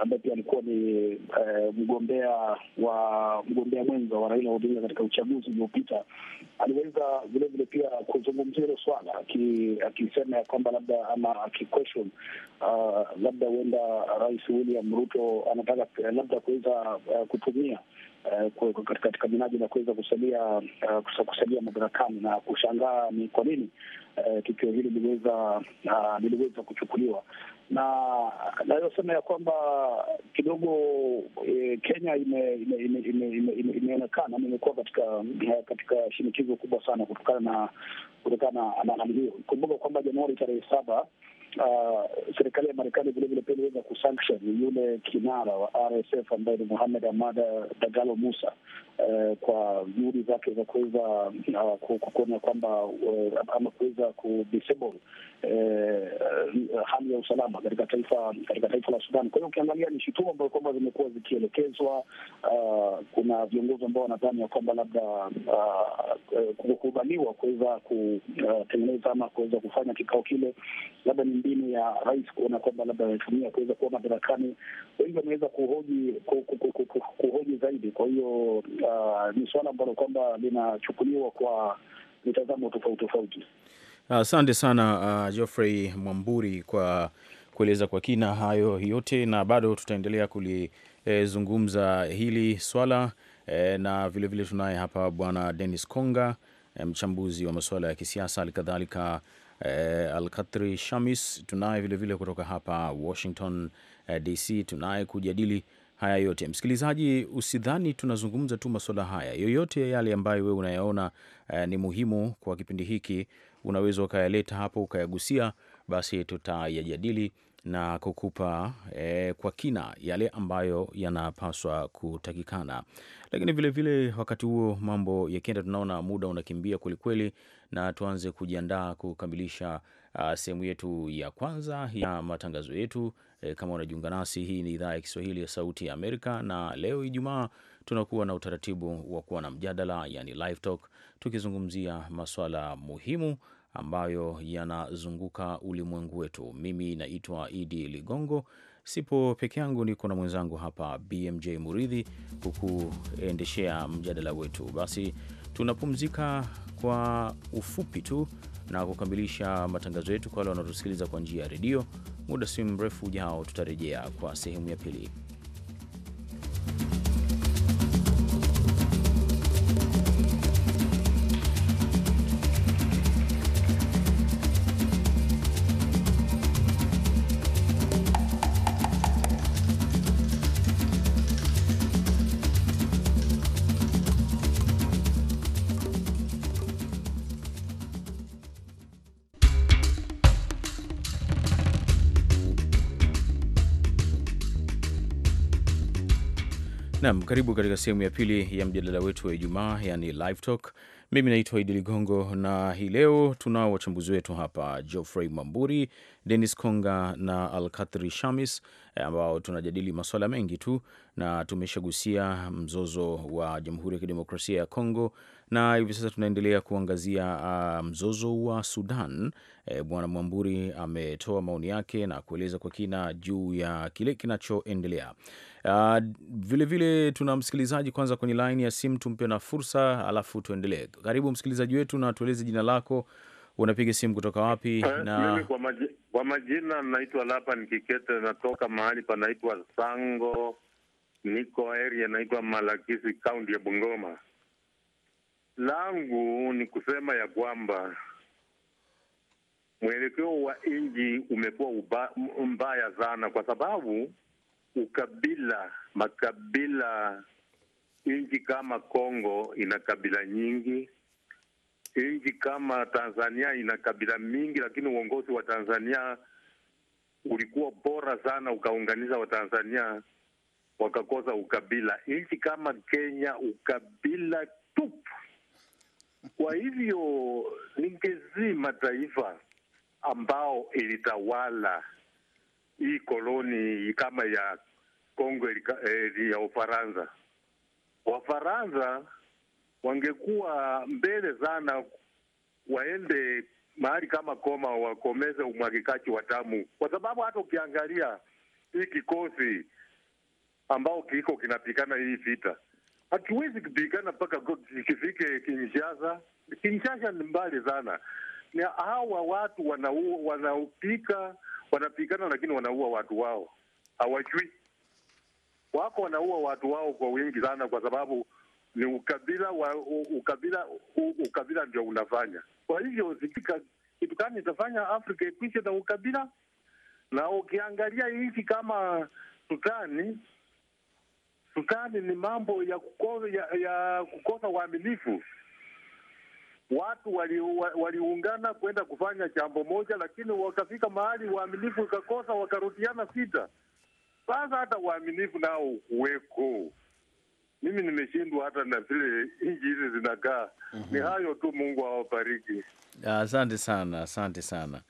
ambaye pia alikuwa ni eh, mgombea wa mgombea mwenza wa Raila Odinga katika uchaguzi uliopita, aliweza vilevile pia kuzungumzia hilo swala akisema ya kwamba labda ama akiquestion uh, ah, labda huenda Rais William Ruto anataka labda kuweza uh, kutumia uh, katika minaji na kuweza kusalia uh, kusalia madarakani na kushangaa ni kwa nini uh, tukio hili liliweza uh, liliweza kuchukuliwa na naweza ya kwamba kidogo e, Kenya imeonekana ime, ime, ime, ime, ime ime imekuwa katika eh, katika shinikizo kubwa sana kutokana na kutokana na hiyo. Kumbuka kwamba Januari tarehe saba uh, serikali ya Marekani vilevile pia iliweza kusanction yule kinara wa RSF ambaye ni Muhamed Amada Dagalo Musa uh, kwa juhudi zake za kuweza uh, kuona kwamba uh, ama kuweza kudisable uh, hali ya usalama katika taifa katika taifa la Sudan. Kwa hiyo ukiangalia ni shutuma ambayo kwamba zimekuwa zikielekezwa. Uh, kuna viongozi ambao wanadhani ya kwamba labda uh, kukubaliwa kuweza kutengeneza uh, ama kuweza kufanya kikao kile labda ni mbinu ya rais kuona kwamba labda anatumia kuweza kuwa madarakani. Wengi wameweza kuhoji kuhoji zaidi. Kwa hiyo uh, ni suala ambalo kwamba linachukuliwa kwa mitazamo tofauti tofauti. Asante uh, sana uh, Geoffrey Mwamburi kwa kueleza kwa kina hayo yote, na bado tutaendelea kulizungumza eh, hili swala eh, na vilevile tunaye hapa Bwana Dennis Konga eh, mchambuzi wa masuala ya kisiasa, halikadhalika eh, Alkatri Shamis tunaye vilevile kutoka hapa Washington eh, DC tunaye kujadili haya yote. Msikilizaji, usidhani tunazungumza tu masuala haya, yoyote yale ambayo wewe unayaona eh, ni muhimu kwa kipindi hiki, unaweza ukayaleta hapo ukayagusia, basi tutayajadili na kukupa eh, kwa kina yale ambayo yanapaswa kutakikana. Lakini vilevile vile, wakati huo mambo yakienda, tunaona muda unakimbia kwelikweli, na tuanze kujiandaa kukamilisha uh, sehemu yetu ya kwanza ya matangazo yetu. E, kama unajiunga nasi, hii ni idhaa ya Kiswahili ya Sauti ya Amerika, na leo Ijumaa tunakuwa na utaratibu wa kuwa na mjadala, yani live talk, tukizungumzia masuala muhimu ambayo yanazunguka ulimwengu wetu. Mimi naitwa Idi Ligongo, sipo peke yangu, niko na mwenzangu hapa BMJ Muridhi kukuendeshea mjadala wetu. Basi tunapumzika kwa ufupi tu na kukamilisha matangazo yetu kwa wale wanaotusikiliza kwa njia ya redio. Muda si mrefu ujao tutarejea kwa sehemu ya pili. Nam, karibu katika sehemu ya pili ya mjadala wetu wa Ijumaa, yani live talk. Mimi naitwa Idi Ligongo na hii leo tunao wachambuzi wetu hapa, Geoffrey Mwamburi, Denis Konga na Alkathri Shamis, eh, ambao tunajadili masuala mengi tu, na tumeshagusia mzozo wa Jamhuri ya Kidemokrasia ya Kongo na hivi sasa tunaendelea kuangazia uh, mzozo wa Sudan. E, Bwana Mwamburi ametoa maoni yake na kueleza kwa kina juu ya kile kinachoendelea, Vilevile ah, uh, vile tuna msikilizaji kwanza kwenye laini ya simu, tumpe na fursa alafu tuendelee. Karibu msikilizaji wetu, na tueleze jina lako, unapiga simu kutoka wapi? Eh, na kwa, kwa majina naitwa ni Kikete, natoka mahali panaitwa Sango, niko area naitwa Malakisi, kaunti ya Bungoma. Langu ni kusema ya kwamba mwelekeo wa nchi umekuwa mbaya sana, kwa sababu ukabila, makabila. Nchi kama Kongo ina kabila nyingi, nchi kama Tanzania ina kabila mingi, lakini uongozi wa Tanzania ulikuwa bora sana, wa Watanzania wakakosa ukabila. Nchi kama Kenya ukabila tupu. Kwa hivyo ningezi mataifa ambao ilitawala hii koloni kama ya Kongo eh, ya Ufaransa. Wafaransa wangekuwa mbele sana, waende mahali kama Koma wakomeze umwagikaji wa damu, kwa sababu hata ukiangalia hii kikosi ambao kiko kinapigana hii vita, hatuwezi kupigana mpaka kifike Kinshasa. Kinshasa ni mbali sana, na hawa watu wanaupika, wanapigana, lakini wanaua watu wao, hawajui wako wanaua watu wao kwa wingi sana, kwa sababu ni ukabila wa ukabila, ukabila ndio unafanya. Kwa hivyo sikika kitu gani itafanya Afrika ikwishe na ukabila. Na ukiangalia nchi kama Sudani, Sudani ni mambo ya kukosa, ya, ya kukosa uaminifu. Watu waliungana wali kwenda kufanya jambo moja, lakini wakafika mahali uaminifu ukakosa, wakarudiana sita sasa hata uaminifu nao huweko. Mimi nimeshindwa hata na vile nchi hizi zinakaa. mm -hmm. Ni mhm. hayo tu, Mungu awabariki. Asante ah, sana, asante sana.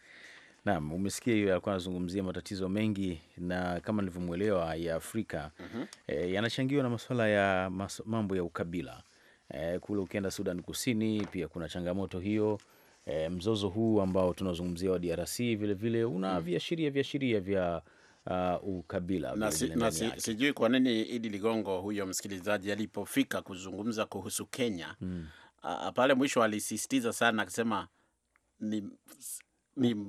Naam, umesikia hiyo, alikuwa anazungumzia matatizo mengi na kama nilivyomwelewa ya Afrika mm -hmm. e, yanachangiwa na masuala ya mas, mambo ya ukabila e, kule ukienda Sudan Kusini pia kuna changamoto hiyo e, mzozo huu ambao tunazungumzia wa DRC vilevile una mm -hmm. viashiria viashiria vya uh, ukabila. Na, si, na si, sijui kwa nini Idi Ligongo huyo msikilizaji alipofika kuzungumza kuhusu Kenya mm. uh, pale mwisho alisisitiza sana akisema ni ni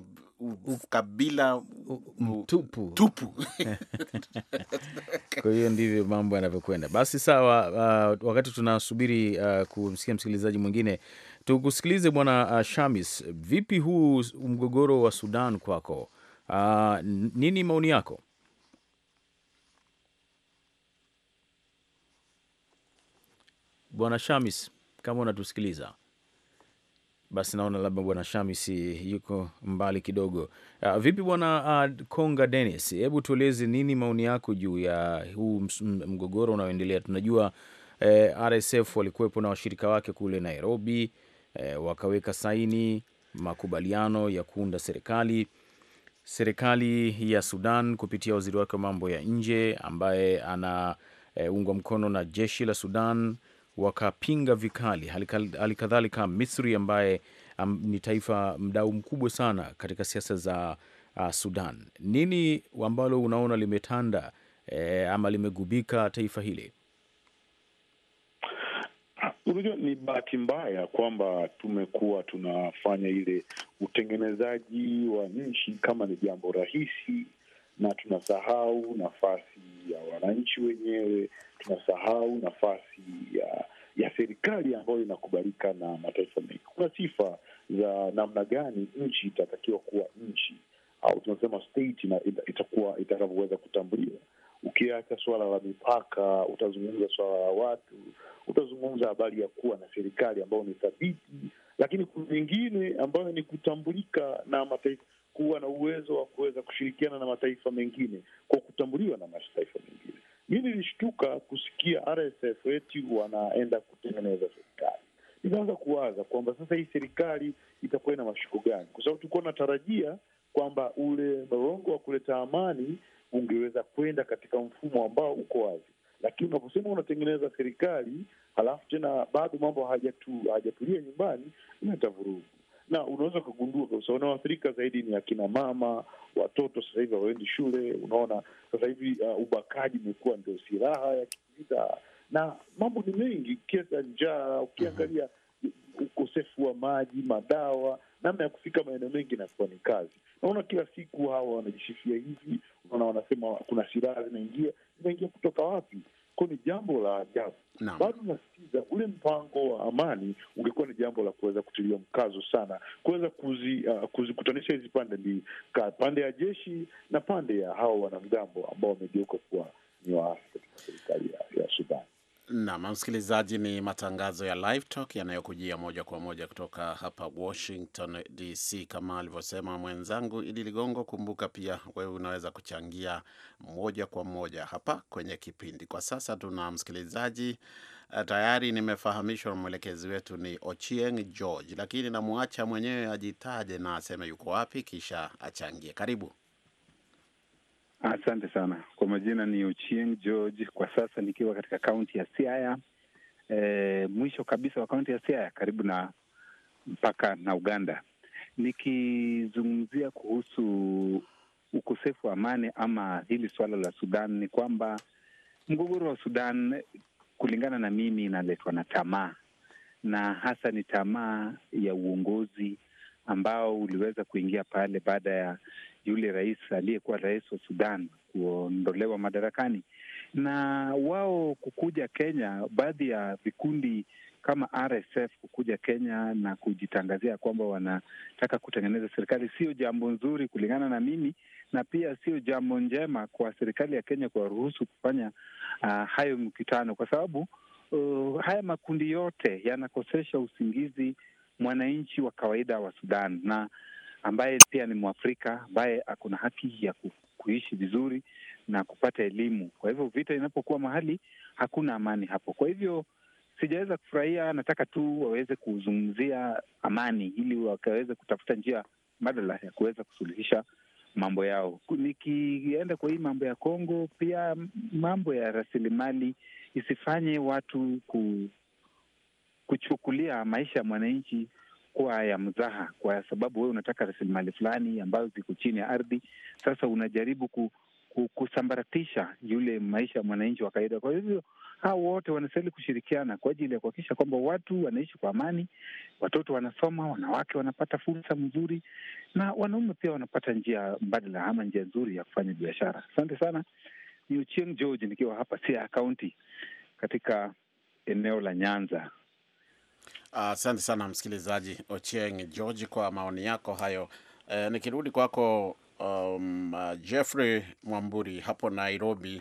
ukabila mtupu tupu. Kwa hiyo ndivyo mambo yanavyokwenda. Basi sawa. Uh, wakati tunasubiri uh, kumsikia msikilizaji mwingine, tukusikilize bwana uh, Shamis, vipi huu mgogoro wa Sudan kwako? Uh, nini maoni yako? Bwana Shamis, kama unatusikiliza basi, naona labda Bwana Shamis eh, yuko mbali kidogo. Uh, vipi Bwana uh, Konga Dennis, hebu tueleze nini maoni yako juu ya huu mgogoro unaoendelea? Tunajua eh, RSF walikuwepo na washirika wake kule Nairobi eh, wakaweka saini makubaliano ya kuunda serikali serikali ya Sudan kupitia waziri wake wa mambo ya nje ambaye anaungwa eh, e, mkono na jeshi la Sudan wakapinga vikali, halikadhalika Misri ambaye am, ni taifa mdau mkubwa sana katika siasa za uh, Sudan. Nini ambalo unaona limetanda e, ama limegubika taifa hili? Unajua, ni bahati mbaya kwamba tumekuwa tunafanya ile utengenezaji wa nchi kama ni jambo rahisi, na tunasahau nafasi ya wananchi wenyewe, tunasahau nafasi ya ya serikali ambayo inakubalika na mataifa mengi. Kuna sifa za namna gani nchi itatakiwa kuwa nchi au tunasema state itakuwa itakavyoweza kutambuliwa Ukiacha suala la mipaka, utazungumza suala la watu, utazungumza habari ya kuwa na serikali ambayo ni thabiti, lakini kuna mengine ambayo ni kutambulika na mataifa, kuwa na uwezo wa kuweza kushirikiana na mataifa mengine kwa kutambuliwa na mataifa mengine. Mi nilishtuka kusikia RSF eti wanaenda kutengeneza serikali. Nikaanza kuwaza kwamba sasa hii serikali itakuwa ina mashiko gani, kwa sababu tulikuwa tarajia kwamba ule mrongo wa kuleta amani ungeweza kwenda katika mfumo ambao uko wazi, lakini unaposema unatengeneza serikali halafu tena bado mambo hajatulia nyumbani, inaleta vurugu na unaweza ukagundua kabisa wanaoathirika zaidi ni akina mama, watoto sasa hivi hawaendi shule. Unaona sasa hivi uh, ubakaji umekuwa ndio silaha ya kivita, na mambo ni mengi, ukiweka njaa, ukiangalia mhm. ukosefu wa maji, madawa namna ya kufika maeneo mengi inakuwa ni kazi. Naona kila siku hawa wanajishifia hivi, unaona wanasema kuna silaha zinaingia, zinaingia kutoka wapi? Ko ni jambo la ajabu. Bado nasikiza ule mpango wa amani ungekuwa ni jambo la kuweza kutilia mkazo sana, kuweza uh, kuzikutanisha uh, kuzi hizi pande mbili, pande ya jeshi na pande ya hawa wanamgambo ambao wamegeuka kuwa ni waasi katika serikali ya, ya Sudani. Nam msikilizaji, ni matangazo ya Live Talk yanayokujia moja kwa moja kutoka hapa Washington DC. Kama alivyosema mwenzangu Idi Ligongo, kumbuka pia wewe unaweza kuchangia moja kwa moja hapa kwenye kipindi. Kwa sasa tuna msikilizaji eh, tayari, nimefahamishwa mwelekezi wetu ni Ochieng George, lakini namwacha mwenyewe ajitaje na aseme yuko wapi, kisha achangie. Karibu. Asante sana kwa majina, ni Ochieng George, kwa sasa nikiwa katika kaunti ya Siaya, e, mwisho kabisa wa kaunti ya Siaya, karibu na mpaka na Uganda, nikizungumzia kuhusu ukosefu wa amani ama hili suala la Sudan, ni kwamba mgogoro wa Sudan kulingana na mimi inaletwa na tamaa, na hasa ni tamaa ya uongozi ambao uliweza kuingia pale baada ya yule rais aliyekuwa rais wa Sudan kuondolewa madarakani, na wao kukuja Kenya, baadhi ya vikundi kama RSF kukuja Kenya na kujitangazia kwamba wanataka kutengeneza serikali, sio jambo nzuri kulingana na mimi, na pia sio jambo njema kwa serikali ya Kenya kuwaruhusu kufanya uh, hayo mkutano kwa sababu uh, haya makundi yote yanakosesha usingizi mwananchi wa kawaida wa Sudan na ambaye pia ni Mwafrika ambaye ako na haki ya kuishi vizuri na kupata elimu. Kwa hivyo vita inapokuwa mahali hakuna amani hapo. Kwa hivyo sijaweza kufurahia, nataka tu waweze kuzungumzia amani ili wakaweze kutafuta njia mbadala ya kuweza kusuluhisha mambo yao. Nikienda kwa hii mambo ya Kongo, pia mambo ya rasilimali isifanye watu ku, kuchukulia maisha ya mwananchi kuwa ya mzaha, kwa sababu wewe unataka rasilimali fulani ambazo ziko chini ya ardhi. Sasa unajaribu ku, ku, kusambaratisha yule maisha ya mwananchi wa kawaida. Kwa hivyo hao wote wanastahili kushirikiana kwa ajili ya kuhakikisha kwamba watu wanaishi kwa amani, watoto wanasoma, wanawake wanapata fursa mzuri, na wanaume pia wanapata njia mbadala ama njia nzuri ya kufanya biashara. Asante sana. Ni Ochieng George nikiwa hapa Siaya Kaunti katika eneo la Nyanza. Asante uh, sana msikilizaji Ochieng George kwa maoni yako hayo. Uh, nikirudi kwako um, uh, Jeffrey Mwamburi hapo Nairobi.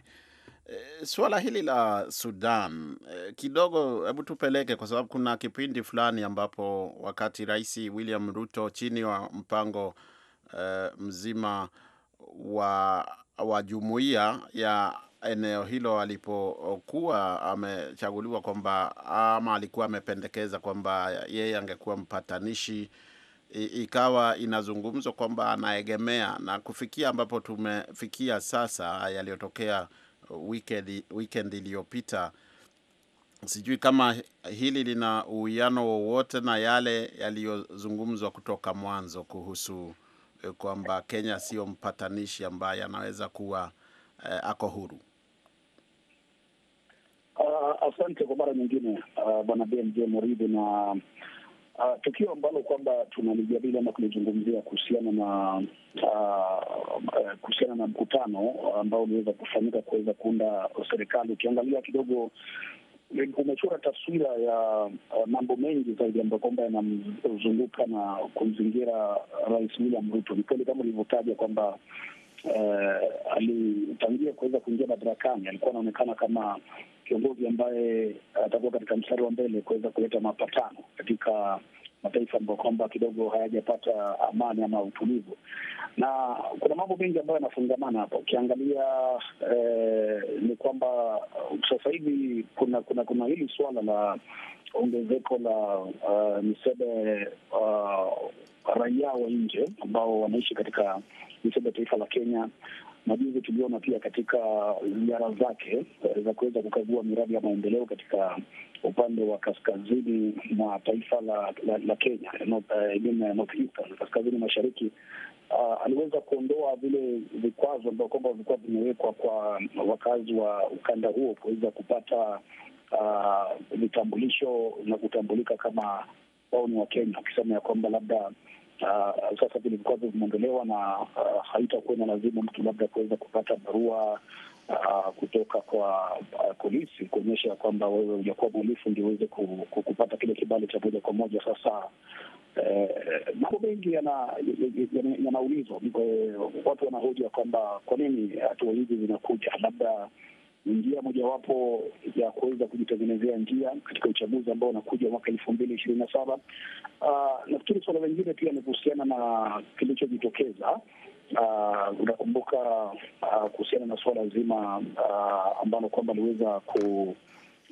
Uh, eh, suala hili la Sudan uh, kidogo, hebu tupeleke, kwa sababu kuna kipindi fulani ambapo wakati Rais William Ruto chini wa mpango uh, mzima wa wa jumuiya ya eneo hilo alipokuwa amechaguliwa, kwamba ama alikuwa amependekeza kwamba yeye angekuwa mpatanishi, ikawa inazungumzwa kwamba anaegemea, na kufikia ambapo tumefikia sasa, yaliyotokea weekend iliyopita, sijui kama hili lina uwiano wowote na yale yaliyozungumzwa kutoka mwanzo kuhusu eh, kwamba Kenya sio mpatanishi ambaye anaweza kuwa eh, ako huru. Uh, asante kwa mara nyingine uh, bwana BMJ Moridhi, na uh, tukio ambalo kwamba tunalijadili ama kulizungumzia kuhusiana na uh, kuhusiana na mkutano ambao uliweza kufanyika kuweza kuunda serikali, ukiangalia kidogo umechora taswira ya uh, mambo mengi zaidi ambayo kwamba yanamzunguka na kumzingira Rais William Ruto. Ni kweli kama ulivyotaja kwamba uh, alitangia kuweza kuingia madarakani, alikuwa anaonekana kama kiongozi ambaye atakuwa katika mstari wa mbele kuweza kuleta mapatano katika mataifa ambayo kwamba kidogo hayajapata amani ama utulivu, na kuna mambo mengi ambayo yanafungamana hapa. Ukiangalia eh, ni kwamba sasa hivi kuna kuna kuna hili suala la ongezeko la uh, misebe uh, raia wa nje ambao wanaishi katika niseme taifa la Kenya na tuliona pia katika ziara zake eh, za kuweza kukagua miradi ya maendeleo katika upande wa kaskazini mwa taifa la, la, la Kenya eh, eh, northeastern, kaskazini mashariki uh, aliweza kuondoa vile vikwazo ambao kwamba vilikuwa vimewekwa kwa wakazi wa ukanda huo kuweza kupata ah, vitambulisho na kutambulika kama wao ni Wakenya, ukisema ya kwamba labda Uh, sasa vile vikwazo vimeondolewa na uh, haitakuwa na lazima mtu labda kuweza kupata barua uh, kutoka kwa uh, polisi kuonyesha kwamba wewe ujakuwa mwalifu ndio uweze kupata kile kibali cha moja kwa moja. Sasa eh, mambo mengi yanaulizwa watu wanahoja kwamba kwa nini hatua hizi zinakuja labda ni njia mojawapo ya kuweza kujitengenezea njia katika uchaguzi ambao unakuja mwaka elfu mbili ishirini na saba. Uh, nafikiri suala lingine pia ni kuhusiana na kilichojitokeza. Uh, unakumbuka uh, kuhusiana na suala zima uh, ambalo kwamba aliweza ku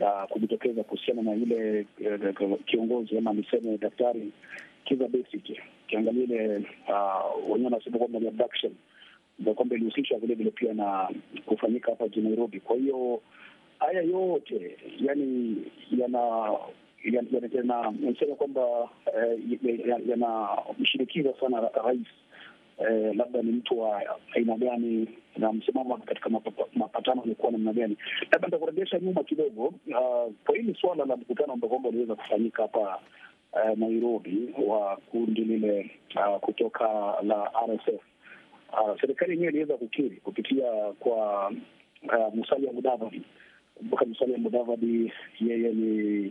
uh, kujitokeza kuhusiana na ile uh, eh, kiongozi ama niseme daktari Kizza Besigye. Ukiangalia ile uh, wenyewe wanasema kwamba ni abduction na kwamba ilihusishwa vile pia na kufanyika hapa jijini Nairobi. Kwa hiyo haya yote yani yana nasema kwamba eh, yanamshinikiza sana rais, eh, labda ni mtu wa aina gani na msimamo katika mapatano amekuwa namna gani. Labda nitakurejesha nyuma kidogo ah, kwa hili suala la mkutano ambao kwamba uliweza kufanyika hapa eh, Nairobi wa kundi lile ah, kutoka la RSF Uh, serikali yenyewe iliweza kukiri kupitia kwa uh, Musalia Mudavadi. Kumbuka Musalia Mudavadi yeye ni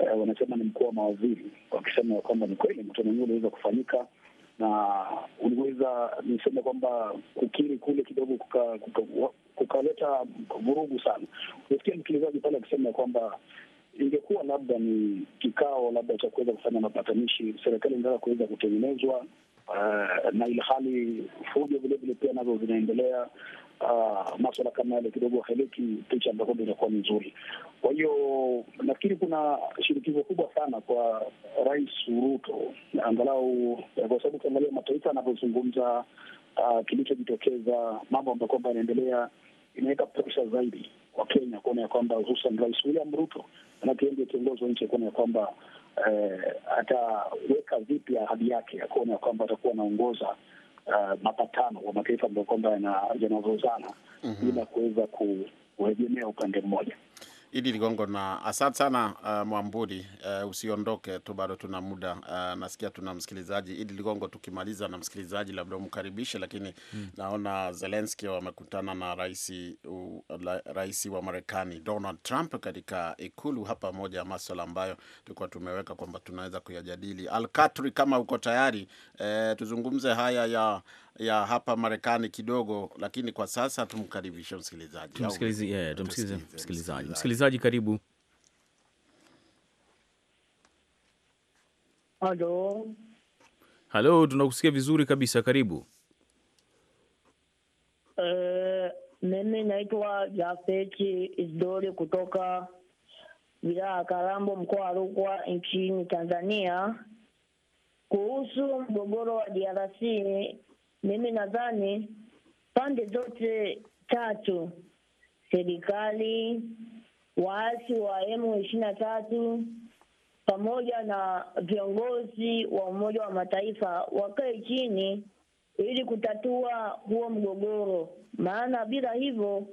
uh, wanasema ni mkuu wa mawaziri, wakisema kwamba ni kweli mkutano wenyewe uliweza kufanyika na uliweza niseme kwamba kukiri kule kidogo kukaleta kuka, kuka vurugu sana. Umesikia msikilizaji pale akisema kwamba ingekuwa labda ni kikao labda cha kuweza kufanya mapatanishi, serikali ingeweza kuweza kutengenezwa uh, na ile hali fujo vilevile pia nazo zinaendelea. Uh, ah, maswala kama yale kidogo haileki picha ambayo inakuwa nzuri. Kwa hiyo nafikiri kuna shinikizo kubwa sana kwa Rais Ruto angalau, eh, kwa sababu ukiangalia mataifa anavyozungumza uh, ah, kilichojitokeza mambo ambayo kwamba yanaendelea inaweka presha zaidi wa Kenya kuona ya kwamba hususan Rais William Ruto, manake ndiye kiongozi wa nchi, kuona ya kwamba eh, ataweka vipi ahadi yake ya kuona ya kwamba atakuwa anaongoza uh, mapatano wa mataifa ambayo kwamba yanavozana mhm. bila mm -hmm. kuweza kuegemea upande mmoja. Idi Ligongo na asante sana uh, Mwamburi uh, usiondoke tu, bado tuna muda uh, nasikia tuna msikilizaji Idi Ligongo. Tukimaliza na msikilizaji, labda umkaribishe, lakini hmm, naona Zelensky wamekutana na raisi, wa Marekani Donald Trump katika ikulu hapa. Moja ya maswala ambayo tulikuwa tumeweka kwamba tunaweza kuyajadili, Alkatri, kama uko tayari eh, tuzungumze haya ya ya hapa Marekani kidogo, lakini kwa sasa tumkaribishe msikilizaji, tumsikilize msikilizaji. Msikilizaji, karibu. Halo, halo, tunakusikia vizuri kabisa, karibu. E, mimi naitwa Jafeti Isdori kutoka wilaya ya Karambo, mkoa wa Rukwa, nchini Tanzania. Kuhusu mgogoro wa DRC mimi nadhani pande zote tatu, serikali, waasi wa emu ishirini na tatu pamoja na viongozi wa Umoja wa Mataifa wakae chini ili kutatua huo mgogoro, maana bila hivyo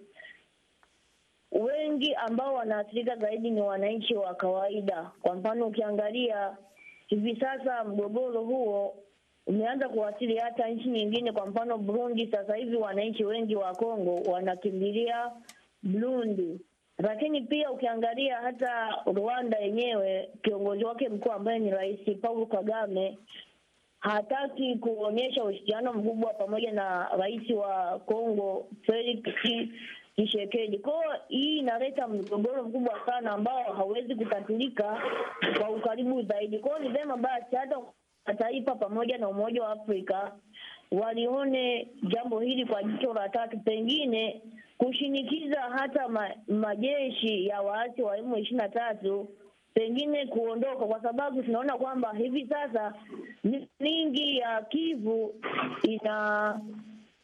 wengi ambao wanaathirika zaidi ni wananchi wa kawaida. Kwa mfano, ukiangalia hivi sasa mgogoro huo umeanza kuwasili hata nchi nyingine. Kwa mfano Burundi, sasa hivi wananchi wengi wa Kongo wanakimbilia Burundi, lakini pia ukiangalia hata Rwanda yenyewe kiongozi wake mkuu ambaye ni Rais Paul Kagame hataki kuonyesha ushirikiano mkubwa pamoja na rais wa Kongo Felix Tshisekedi. Kwa hii inaleta mgogoro mkubwa sana ambao hawezi kutatulika kwa ukaribu zaidi. Kwa ni vema basi hata Mataifa pamoja na Umoja wa Afrika walione jambo hili kwa jicho la tatu, pengine kushinikiza hata ma, majeshi ya waasi wa M ishirini na tatu pengine kuondoka, kwa sababu tunaona kwamba hivi sasa mingi ya Kivu ina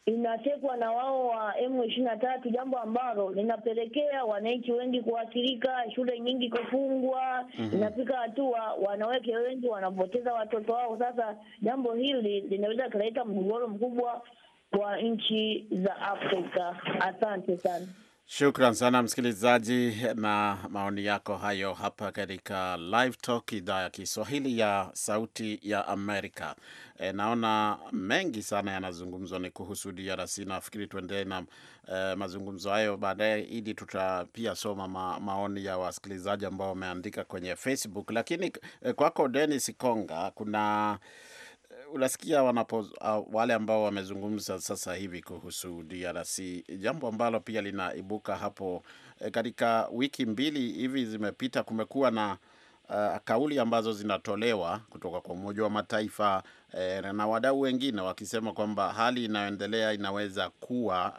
inatekwa na wao wa M23, jambo ambalo linapelekea wananchi wengi kuathirika, shule nyingi kufungwa. mm -hmm. Inafika hatua wanawake wengi wanapoteza watoto wao. Sasa jambo hili linaweza kuleta mgogoro mkubwa kwa nchi za Afrika. Asante sana. Shukran sana msikilizaji, na maoni yako hayo hapa katika Live Talk, idhaa ya Kiswahili ya Sauti ya Amerika. E, naona mengi sana yanazungumzwa ni kuhusu DRC. Nafikiri tuendelee na e, mazungumzo hayo baadaye, ili tutapia soma ma, maoni ya wasikilizaji ambao wameandika kwenye Facebook. Lakini e, kwako Denis Konga, kuna unasikia wanapo uh, wale ambao wamezungumza sasa hivi kuhusu DRC, jambo ambalo pia linaibuka hapo e, katika wiki mbili hivi zimepita, kumekuwa na uh, kauli ambazo zinatolewa kutoka kwa Umoja wa Mataifa e, na wadau wengine wakisema kwamba hali inayoendelea inaweza kuwa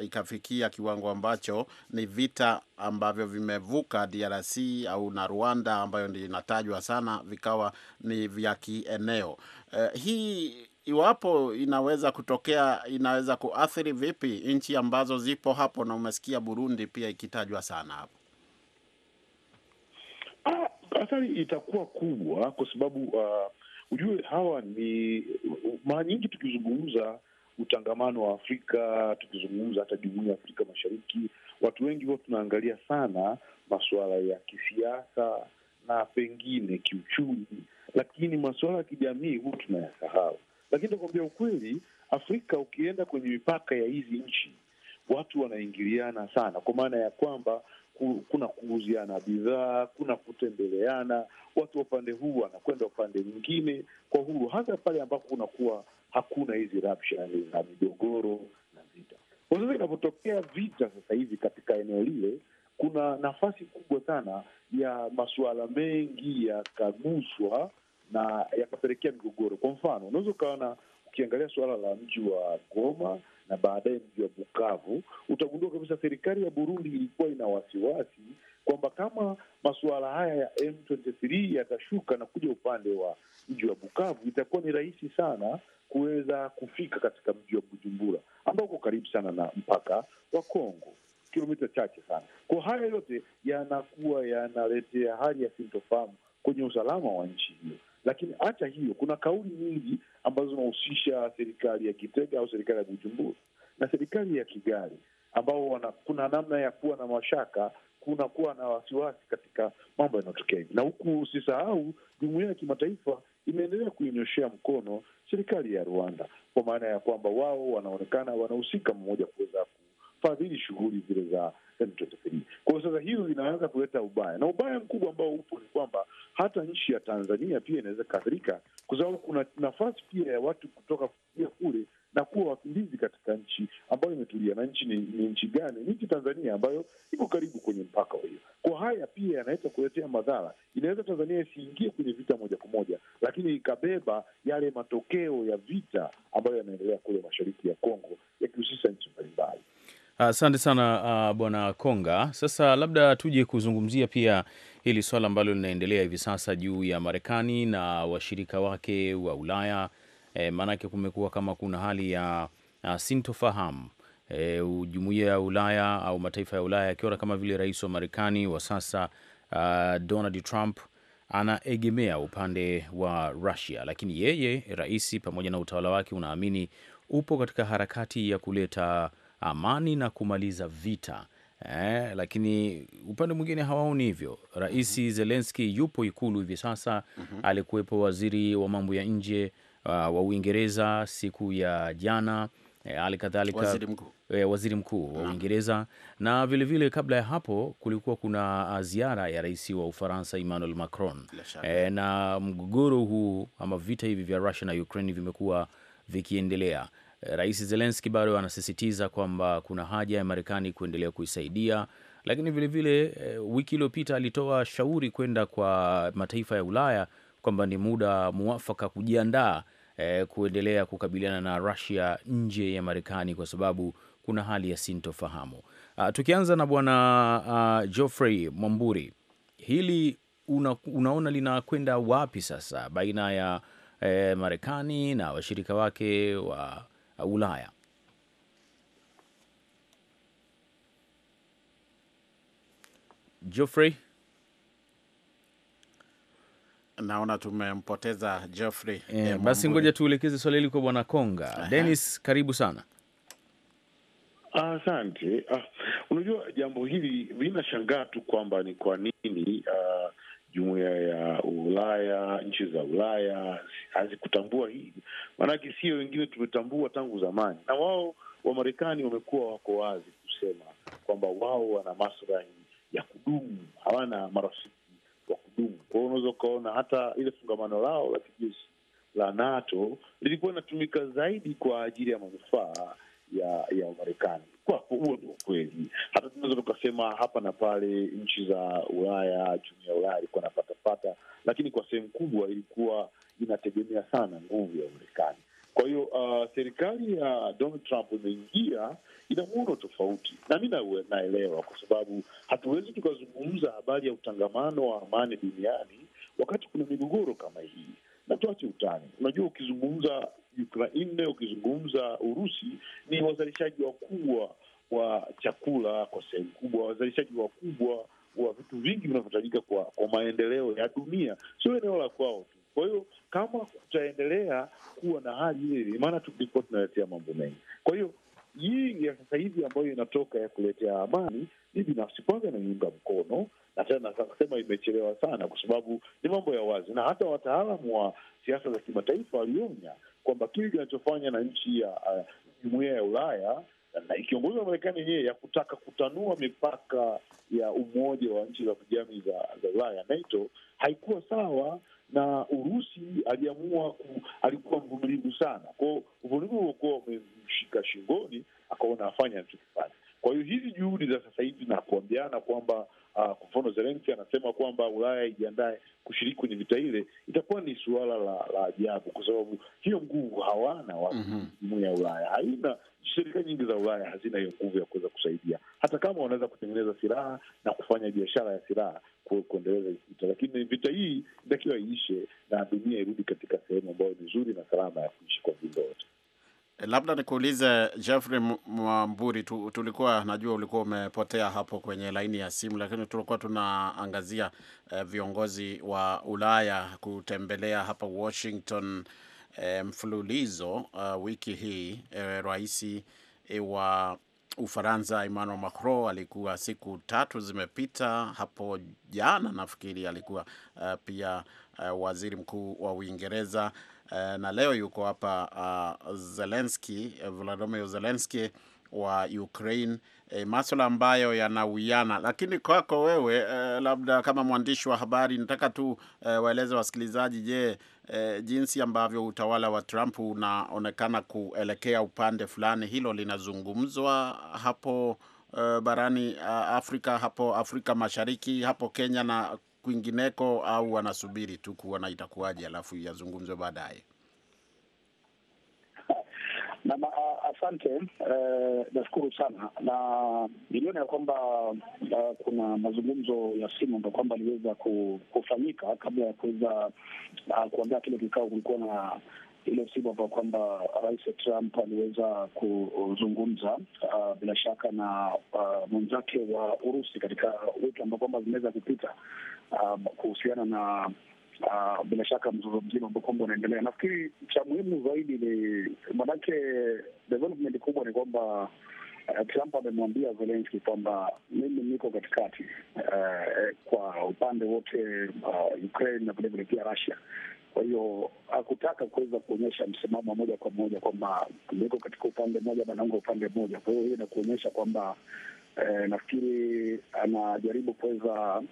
ikafikia kiwango ambacho ni vita ambavyo vimevuka DRC au na Rwanda ambayo ndio inatajwa sana, vikawa ni vya kieneo. Uh, hii iwapo inaweza kutokea, inaweza kuathiri vipi nchi ambazo zipo hapo, na umesikia Burundi pia ikitajwa sana hapo? Ah, athari itakuwa kubwa kwa sababu uh, ujue hawa ni mara nyingi tukizungumza utangamano wa Afrika, tukizungumza hata jumuia ya Afrika Mashariki, watu wengi huwa tunaangalia sana masuala ya kisiasa na pengine kiuchumi lakini masuala ya kijamii huu tunayasahau. Lakini takuambia ukweli, Afrika ukienda kwenye mipaka ya hizi nchi watu wanaingiliana sana, kwa maana ya kwamba kuna kuuziana bidhaa, kuna kutembeleana, watu wa upande huu wanakwenda upande mwingine kwa huru, hasa pale ambapo kunakuwa hakuna hizi rabshani na migogoro na vita. Kwa sasa inapotokea vita sasa hivi katika eneo lile kuna nafasi kubwa sana ya masuala mengi yakaguswa na yakapelekea migogoro. Kwa mfano, unaweza ukaona ukiangalia suala la mji wa Goma na baadaye mji wa Bukavu, utagundua kabisa serikali ya Burundi ilikuwa ina wasiwasi kwamba kama masuala haya ya M23 yatashuka na kuja upande wa mji wa Bukavu, itakuwa ni rahisi sana kuweza kufika katika mji wa Bujumbura ambao uko karibu sana na mpaka wa Kongo kilomita chache sana. Kwa haya yote yanakuwa yanaletea hali ya sintofahamu kwenye usalama wa nchi hiyo. Lakini hata hiyo, kuna kauli nyingi ambazo zinahusisha serikali ya Kitega au serikali ya Bujumbura na serikali ya Kigali, ambao wana, kuna namna ya kuwa na mashaka, kuna kuwa na wasiwasi katika mambo yanayotokea hivi, na huku usisahau jumuiya ya kimataifa imeendelea kuinyoshea mkono serikali ya Rwanda kwa maana ya kwamba wao wanaonekana wanahusika mmoja kuweza ku kufadhili shughuli zile za Kwa sasa hiyo inaweza kuleta ubaya, na ubaya mkubwa ambao upo ni kwamba hata nchi ya Tanzania pia inaweza ikaathirika, kwa sababu kuna nafasi pia ya watu kutoka kule na kuwa wakimbizi katika nchi ambayo imetulia. Na nchi ni, ni nchi gani? Nchi Tanzania ambayo iko karibu kwenye mpaka wa hiyo. Kwa haya pia yanaweza kuletea madhara. Inaweza Tanzania isiingie kwenye vita moja kwa moja, lakini ikabeba yale matokeo ya vita ambayo yanaendelea kule mashariki ya Kongo yakihusisha nchi Asante uh, sana uh, bwana Konga. Sasa labda tuje kuzungumzia pia hili swala ambalo linaendelea hivi sasa juu ya Marekani na washirika wake wa Ulaya e, maanake kumekuwa kama kuna hali ya uh, sintofahamu e, jumuiya ya Ulaya au mataifa ya Ulaya yakiona kama vile rais wa Marekani wa sasa uh, Donald Trump anaegemea upande wa Russia, lakini yeye rais pamoja na utawala wake unaamini upo katika harakati ya kuleta amani na kumaliza vita eh, lakini upande mwingine hawaoni hivyo. Rais mm -hmm. Zelenski yupo ikulu hivi sasa mm -hmm. alikuwepo waziri wa mambo ya nje uh, wa Uingereza siku ya jana eh, hali kadhalika waziri mkuu, e, waziri mkuu wa Uingereza na vilevile vile, kabla ya hapo kulikuwa kuna uh, ziara ya rais wa Ufaransa Emmanuel Macron e, na mgogoro huu ama vita hivi vya Russia na Ukraine vimekuwa vikiendelea Rais Zelenski bado anasisitiza kwamba kuna haja ya Marekani kuendelea kuisaidia, lakini vilevile vile, eh, wiki iliyopita alitoa shauri kwenda kwa mataifa ya Ulaya kwamba ni muda mwafaka kujiandaa eh, kuendelea kukabiliana na rasia nje ya Marekani kwa sababu kuna hali ya sintofahamu. Uh, tukianza na bwana uh, Geoffrey Mwamburi, hili una, unaona linakwenda wapi sasa baina ya eh, Marekani na washirika wake wa Uh, Ulaya. Geoffrey, naona tumempoteza Geoffrey. Yeah, eh, basi ngoja tuelekeze swali hili kwa bwana Konga. uh -huh. Dennis, karibu sana. Asante. Uh, ah, unajua jambo hili vinashangaa tu kwamba ni kwa nini ah, jumuiya ya Ulaya, nchi za Ulaya hazikutambua hii, maanake sio wengine tumetambua tangu zamani, na wao Wamarekani wamekuwa wako wazi kusema kwamba wao wana maslahi ya kudumu, hawana marafiki wa kudumu. Kwa hiyo unaweza ukaona hata ile fungamano lao la kijeshi la NATO lilikuwa linatumika zaidi kwa ajili ya manufaa ya ya Umarekani kwa huo ndio ukweli. Hata tunaweza tukasema hapa na pale nchi za Ulaya, jumuiya ya Ulaya ilikuwa napatapata, lakini kwa sehemu kubwa ilikuwa inategemea sana nguvu ya Marekani. Kwa hiyo uh, serikali ya Donald Trump imeingia ina muono tofauti, na mi naelewa, kwa sababu hatuwezi tukazungumza habari ya utangamano wa amani duniani wakati kuna migogoro kama hii, na tuache utani. Unajua, ukizungumza Ukraine, ukizungumza Urusi, ni wazalishaji wakubwa wa chakula kwa sehemu kubwa, wazalishaji wakubwa wa vitu vingi vinavyohitajika kwa, kwa maendeleo ya dunia, sio eneo la kwao tu. Kwa hiyo kama kutaendelea kuwa na hali hili, maana tulikuwa tunaletea mambo mengi. Kwa hiyo hii ya sasa hivi ambayo inatoka ya kuletea amani mi binafsi kwanza naiunga mkono, na tena nataka imechelewa sana, kwa sababu ni mambo ya wazi, na hata wataalamu wa siasa za kimataifa walionya kwamba kile kinachofanya na nchi ya jumuia uh, ya Ulaya na ikiongozwa Marekani yenyewe ya kutaka kutanua mipaka ya umoja wa nchi za kijami za Ulaya NATO haikuwa sawa, na Urusi aliamua ku, alikuwa mvumilivu sana kwao, uvumilivu uliokuwa umemshika shingoni, akaona afanya anachokifanya kwa hiyo hizi juhudi za sasa hivi na kuambiana kwamba uh, kwa mfano Zelenski anasema kwamba Ulaya ijiandae kushiriki kwenye vita ile, itakuwa ni suala la ajabu, kwa sababu hiyo nguvu hawana watu. mm -hmm. ya Ulaya haina, serikali nyingi za Ulaya hazina hiyo nguvu ya kuweza kusaidia, hata kama wanaweza kutengeneza silaha na kufanya biashara ya silaha kuendeleza vita, lakini vita hii inatakiwa iishe na dunia irudi katika sehemu ambayo ni nzuri na salama ya kuishi kwa viumbe wote. Labda nikuulize Jeffrey Mwamburi tu, tulikuwa najua ulikuwa umepotea hapo kwenye laini ya simu, lakini tulikuwa tunaangazia eh, viongozi wa Ulaya kutembelea hapa Washington eh, mfululizo uh, wiki hii eh, raisi eh, wa Ufaransa Emmanuel Macron alikuwa siku tatu zimepita hapo jana nafikiri alikuwa uh, pia uh, waziri mkuu wa Uingereza Eh, na leo yuko hapa uh, Zelensky, eh, Volodymyr Zelensky wa Ukraine. E, maswala ambayo yanawiana, lakini kwako wewe e, labda kama mwandishi wa habari nataka tu e, waeleze wasikilizaji, je, e, jinsi ambavyo utawala wa Trump unaonekana kuelekea upande fulani, hilo linazungumzwa hapo e, barani ah, Afrika, hapo Afrika Mashariki, hapo Kenya na kwingineko au wanasubiri tu kuona itakuwaje, alafu yazungumzwe baadaye? Nam, asante e, nashukuru sana na niliona ya kwamba e, kuna mazungumzo ya simu ambayo kwamba aliweza kufanyika kabla ya kuweza kuambia kuandaa kile kikao. Kulikuwa na ile simu ambayo kwamba Rais Trump aliweza kuzungumza uh, bila shaka na uh, mwenzake wa Urusi katika wiki ambayo kwamba zimeweza kupita Um, kuhusiana na uh, bila shaka mzozo mzima ambao kwamba unaendelea. Nafikiri cha muhimu zaidi ni manake, development kubwa ni kwamba uh, Trump amemwambia Zelenski kwamba mimi niko katikati, uh, kwa upande wote uh, Ukraine na vilevile pia Russia. Kwa hiyo hakutaka kuweza kuonyesha msimamo moja kwa moja kwamba niko katika upande mmoja ama naunga upande mmoja. Kwa hiyo hiyo inakuonyesha kwamba, eh, nafikiri anajaribu kuweza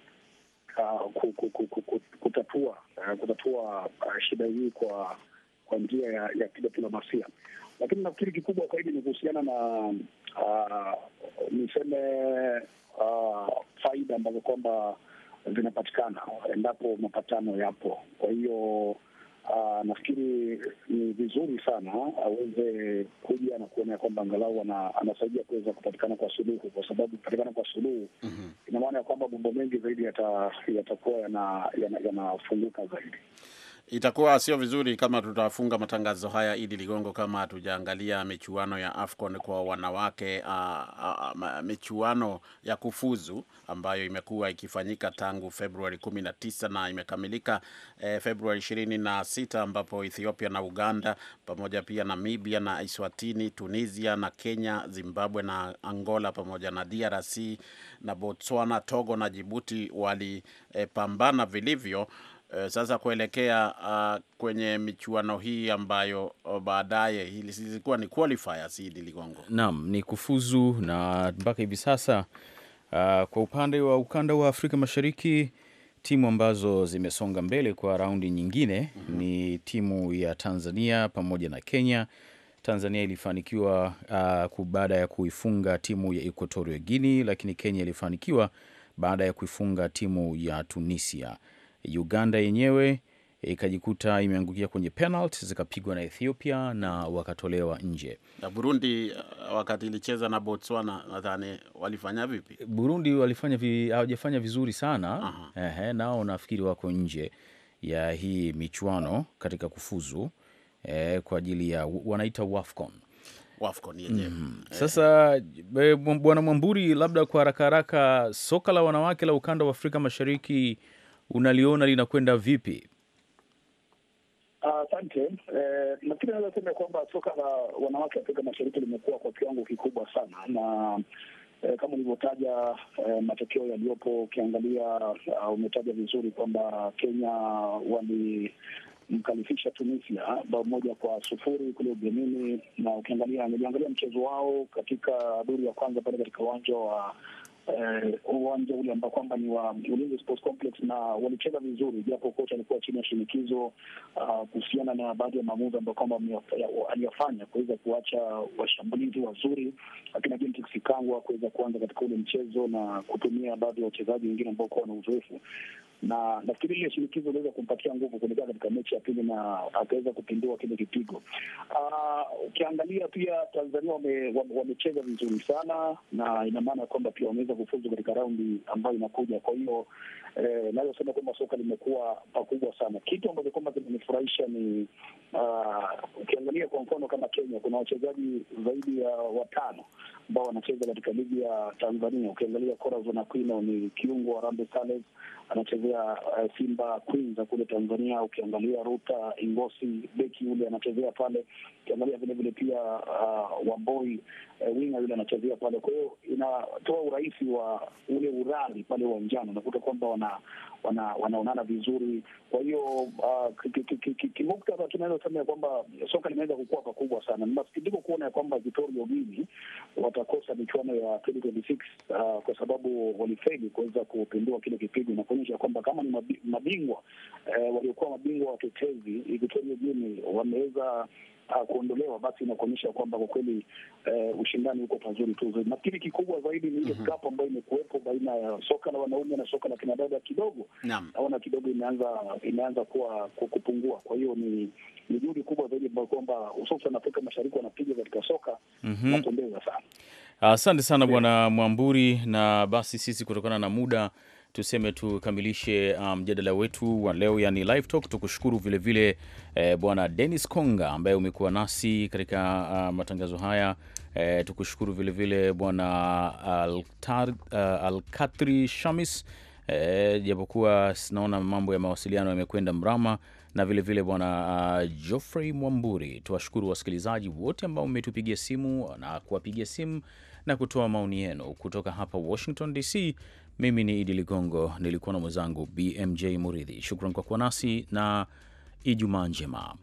kutatua eh, kutatua eh, shida hii kwa kwa njia ya, ya kidiplomasia, lakini nafikiri kikubwa zaidi ni kuhusiana na uh, niseme uh, faida ambazo kwamba zinapatikana endapo mapatano yapo. Kwa hiyo nafkiri ah, nafikiri ni vizuri sana aweze kuja na kuona ya kwamba angalau anasaidia kuweza kupatikana kwa suluhu, kwa sababu kupatikana kwa suluhu mm -hmm. ina maana ya kwamba mambo mengi zaidi yatakuwa yata yanafunguka yana, yana zaidi. Itakuwa sio vizuri kama tutafunga matangazo haya Idi Ligongo, kama hatujaangalia michuano ya AFCON kwa wanawake a, a, a, michuano ya kufuzu ambayo imekuwa ikifanyika tangu Februari 19 na imekamilika e, Februari 26 ambapo Ethiopia na Uganda pamoja pia Namibia na iswatini Tunisia na Kenya, Zimbabwe na Angola pamoja na DRC na Botswana, Togo na Jibuti walipambana e, vilivyo Eh, sasa kuelekea uh, kwenye michuano hii ambayo baadaye ilikuwa ni qualifiers hii Ligongo. Naam, ni kufuzu na mpaka hivi sasa uh, kwa upande wa ukanda wa Afrika Mashariki timu ambazo zimesonga mbele kwa raundi nyingine mm -hmm. ni timu ya Tanzania pamoja na Kenya. Tanzania ilifanikiwa uh, baada ya kuifunga timu ya Equatorial Guinea, lakini Kenya ilifanikiwa baada ya kuifunga timu ya Tunisia. Uganda yenyewe eh, ikajikuta imeangukia kwenye penalti zikapigwa na Ethiopia na wakatolewa nje. Na Burundi uh, wakati ilicheza na Botswana nadhani walifanya vipi? Burundi walifanya vi, hawajafanya vizuri sana ehe, nao nafikiri wako nje ya hii michuano katika kufuzu e, kwa ajili ya wanaita Wafcon. Wafcon yenyewe. Mm. Sasa Bwana Mwamburi, labda kwa haraka haraka, soka la wanawake la ukanda wa Afrika Mashariki unaliona linakwenda vipi? Asante. Uh, eh, lakini naweza sema kwamba soka la wanawake Afrika Mashariki limekuwa kwa kiwango kikubwa sana na eh, kama ulivyotaja eh, matokeo yaliyopo, ukiangalia uh, umetaja vizuri kwamba Kenya wali mkalifisha Tunisia bao moja kwa sufuri kule ugenini, na ukiangalia niliangalia mchezo wao katika duru ya kwanza pale katika uwanja wa Eh, uwanja ule ambao kwamba ni wa Ulinzi Sports Complex, na walicheza vizuri, japo kocha alikuwa chini ya shinikizo ah, kuhusiana na baadhi ya maamuzi ambayo kwamba aliyofanya kuweza kuacha washambulizi wazuri akina Jenti kuweza kuanza katika ule mchezo na kutumia baadhi ya wachezaji wengine ambao kuwa na uzoefu na nafikiri ile shinikizo iliweza kumpatia nguvu kuelekea katika mechi ya pili na akaweza kupindua kile kipigo. Ah, ukiangalia pia Tanzania wamecheza wame vizuri sana, na ina maana ya kwamba pia wameweza kufuzu katika raundi ambayo inakuja. Kwa hiyo eh, naweza kwamba soka limekuwa pakubwa sana. Kitu ambacho kwamba kinanifurahisha ni uh, ukiangalia kwa mfano kama Kenya kuna wachezaji zaidi ya watano ambao wanacheza katika ligi ya Tanzania. Ukiangalia Corazon Aquino ni kiungo wa Harambee Stars, anachezea uh, Simba Queens kule Tanzania. Ukiangalia Ruta Ingosi beki yule anachezea pale. Ukiangalia vilevile pia uh, ah, Waboi uh, winga yule anachezea pale. Kwa hiyo inatoa urahisi wa ule urari pale uwanjani, unakuta kwamba wana wanaonana wana vizuri. Kwa hiyo uh, kimuktadha tunaweza kusema ya kwamba soka limeweza kukua pakubwa sana. Ni masikitiko kuona ya kwamba Vitorio Gini watakosa michuano ya 2026 uh, ah, kwa sababu walifeli kuweza kupindua kile kipigo na kuonyesha kwamba kama ni mabingwa eh, waliokuwa mabingwa watetezi Vitorio Gini wameweza Uh, kuondolewa, basi inakuonyesha kwamba kwa kweli uh, ushindani uko pazuri tu zaidi. Nafikiri kikubwa zaidi ni ile mm -hmm. gap ambayo imekuwepo baina ya soka la wanaume na soka la kinadada, kidogo naona kidogo imeanza imeanza kuwa kupungua. Kwa hiyo ni ni juhudi kubwa zaidi ambayo kwamba hususan Afrika Mashariki wanapiga katika soka mm -hmm. napendeza sana. Asante sana bwana Mwamburi, na basi sisi kutokana na muda tuseme tukamilishe uh, mjadala um, wetu wa leo yani live talk. Tukushukuru vilevile e, eh, bwana Dennis Konga ambaye umekuwa nasi katika uh, matangazo haya e, tukushukuru vilevile bwana uh, uh, Alkatri Shamis eh, japokuwa sinaona mambo ya mawasiliano yamekwenda mrama na vilevile bwana uh, Geoffrey Mwamburi. Tuwashukuru wasikilizaji wote ambao mmetupigia simu na kuwapigia simu na kutoa maoni yenu kutoka hapa Washington DC. Mimi ni Idi Ligongo, nilikuwa na mwenzangu BMJ Muridhi. Shukran kwa kuwa nasi na Ijumaa njema.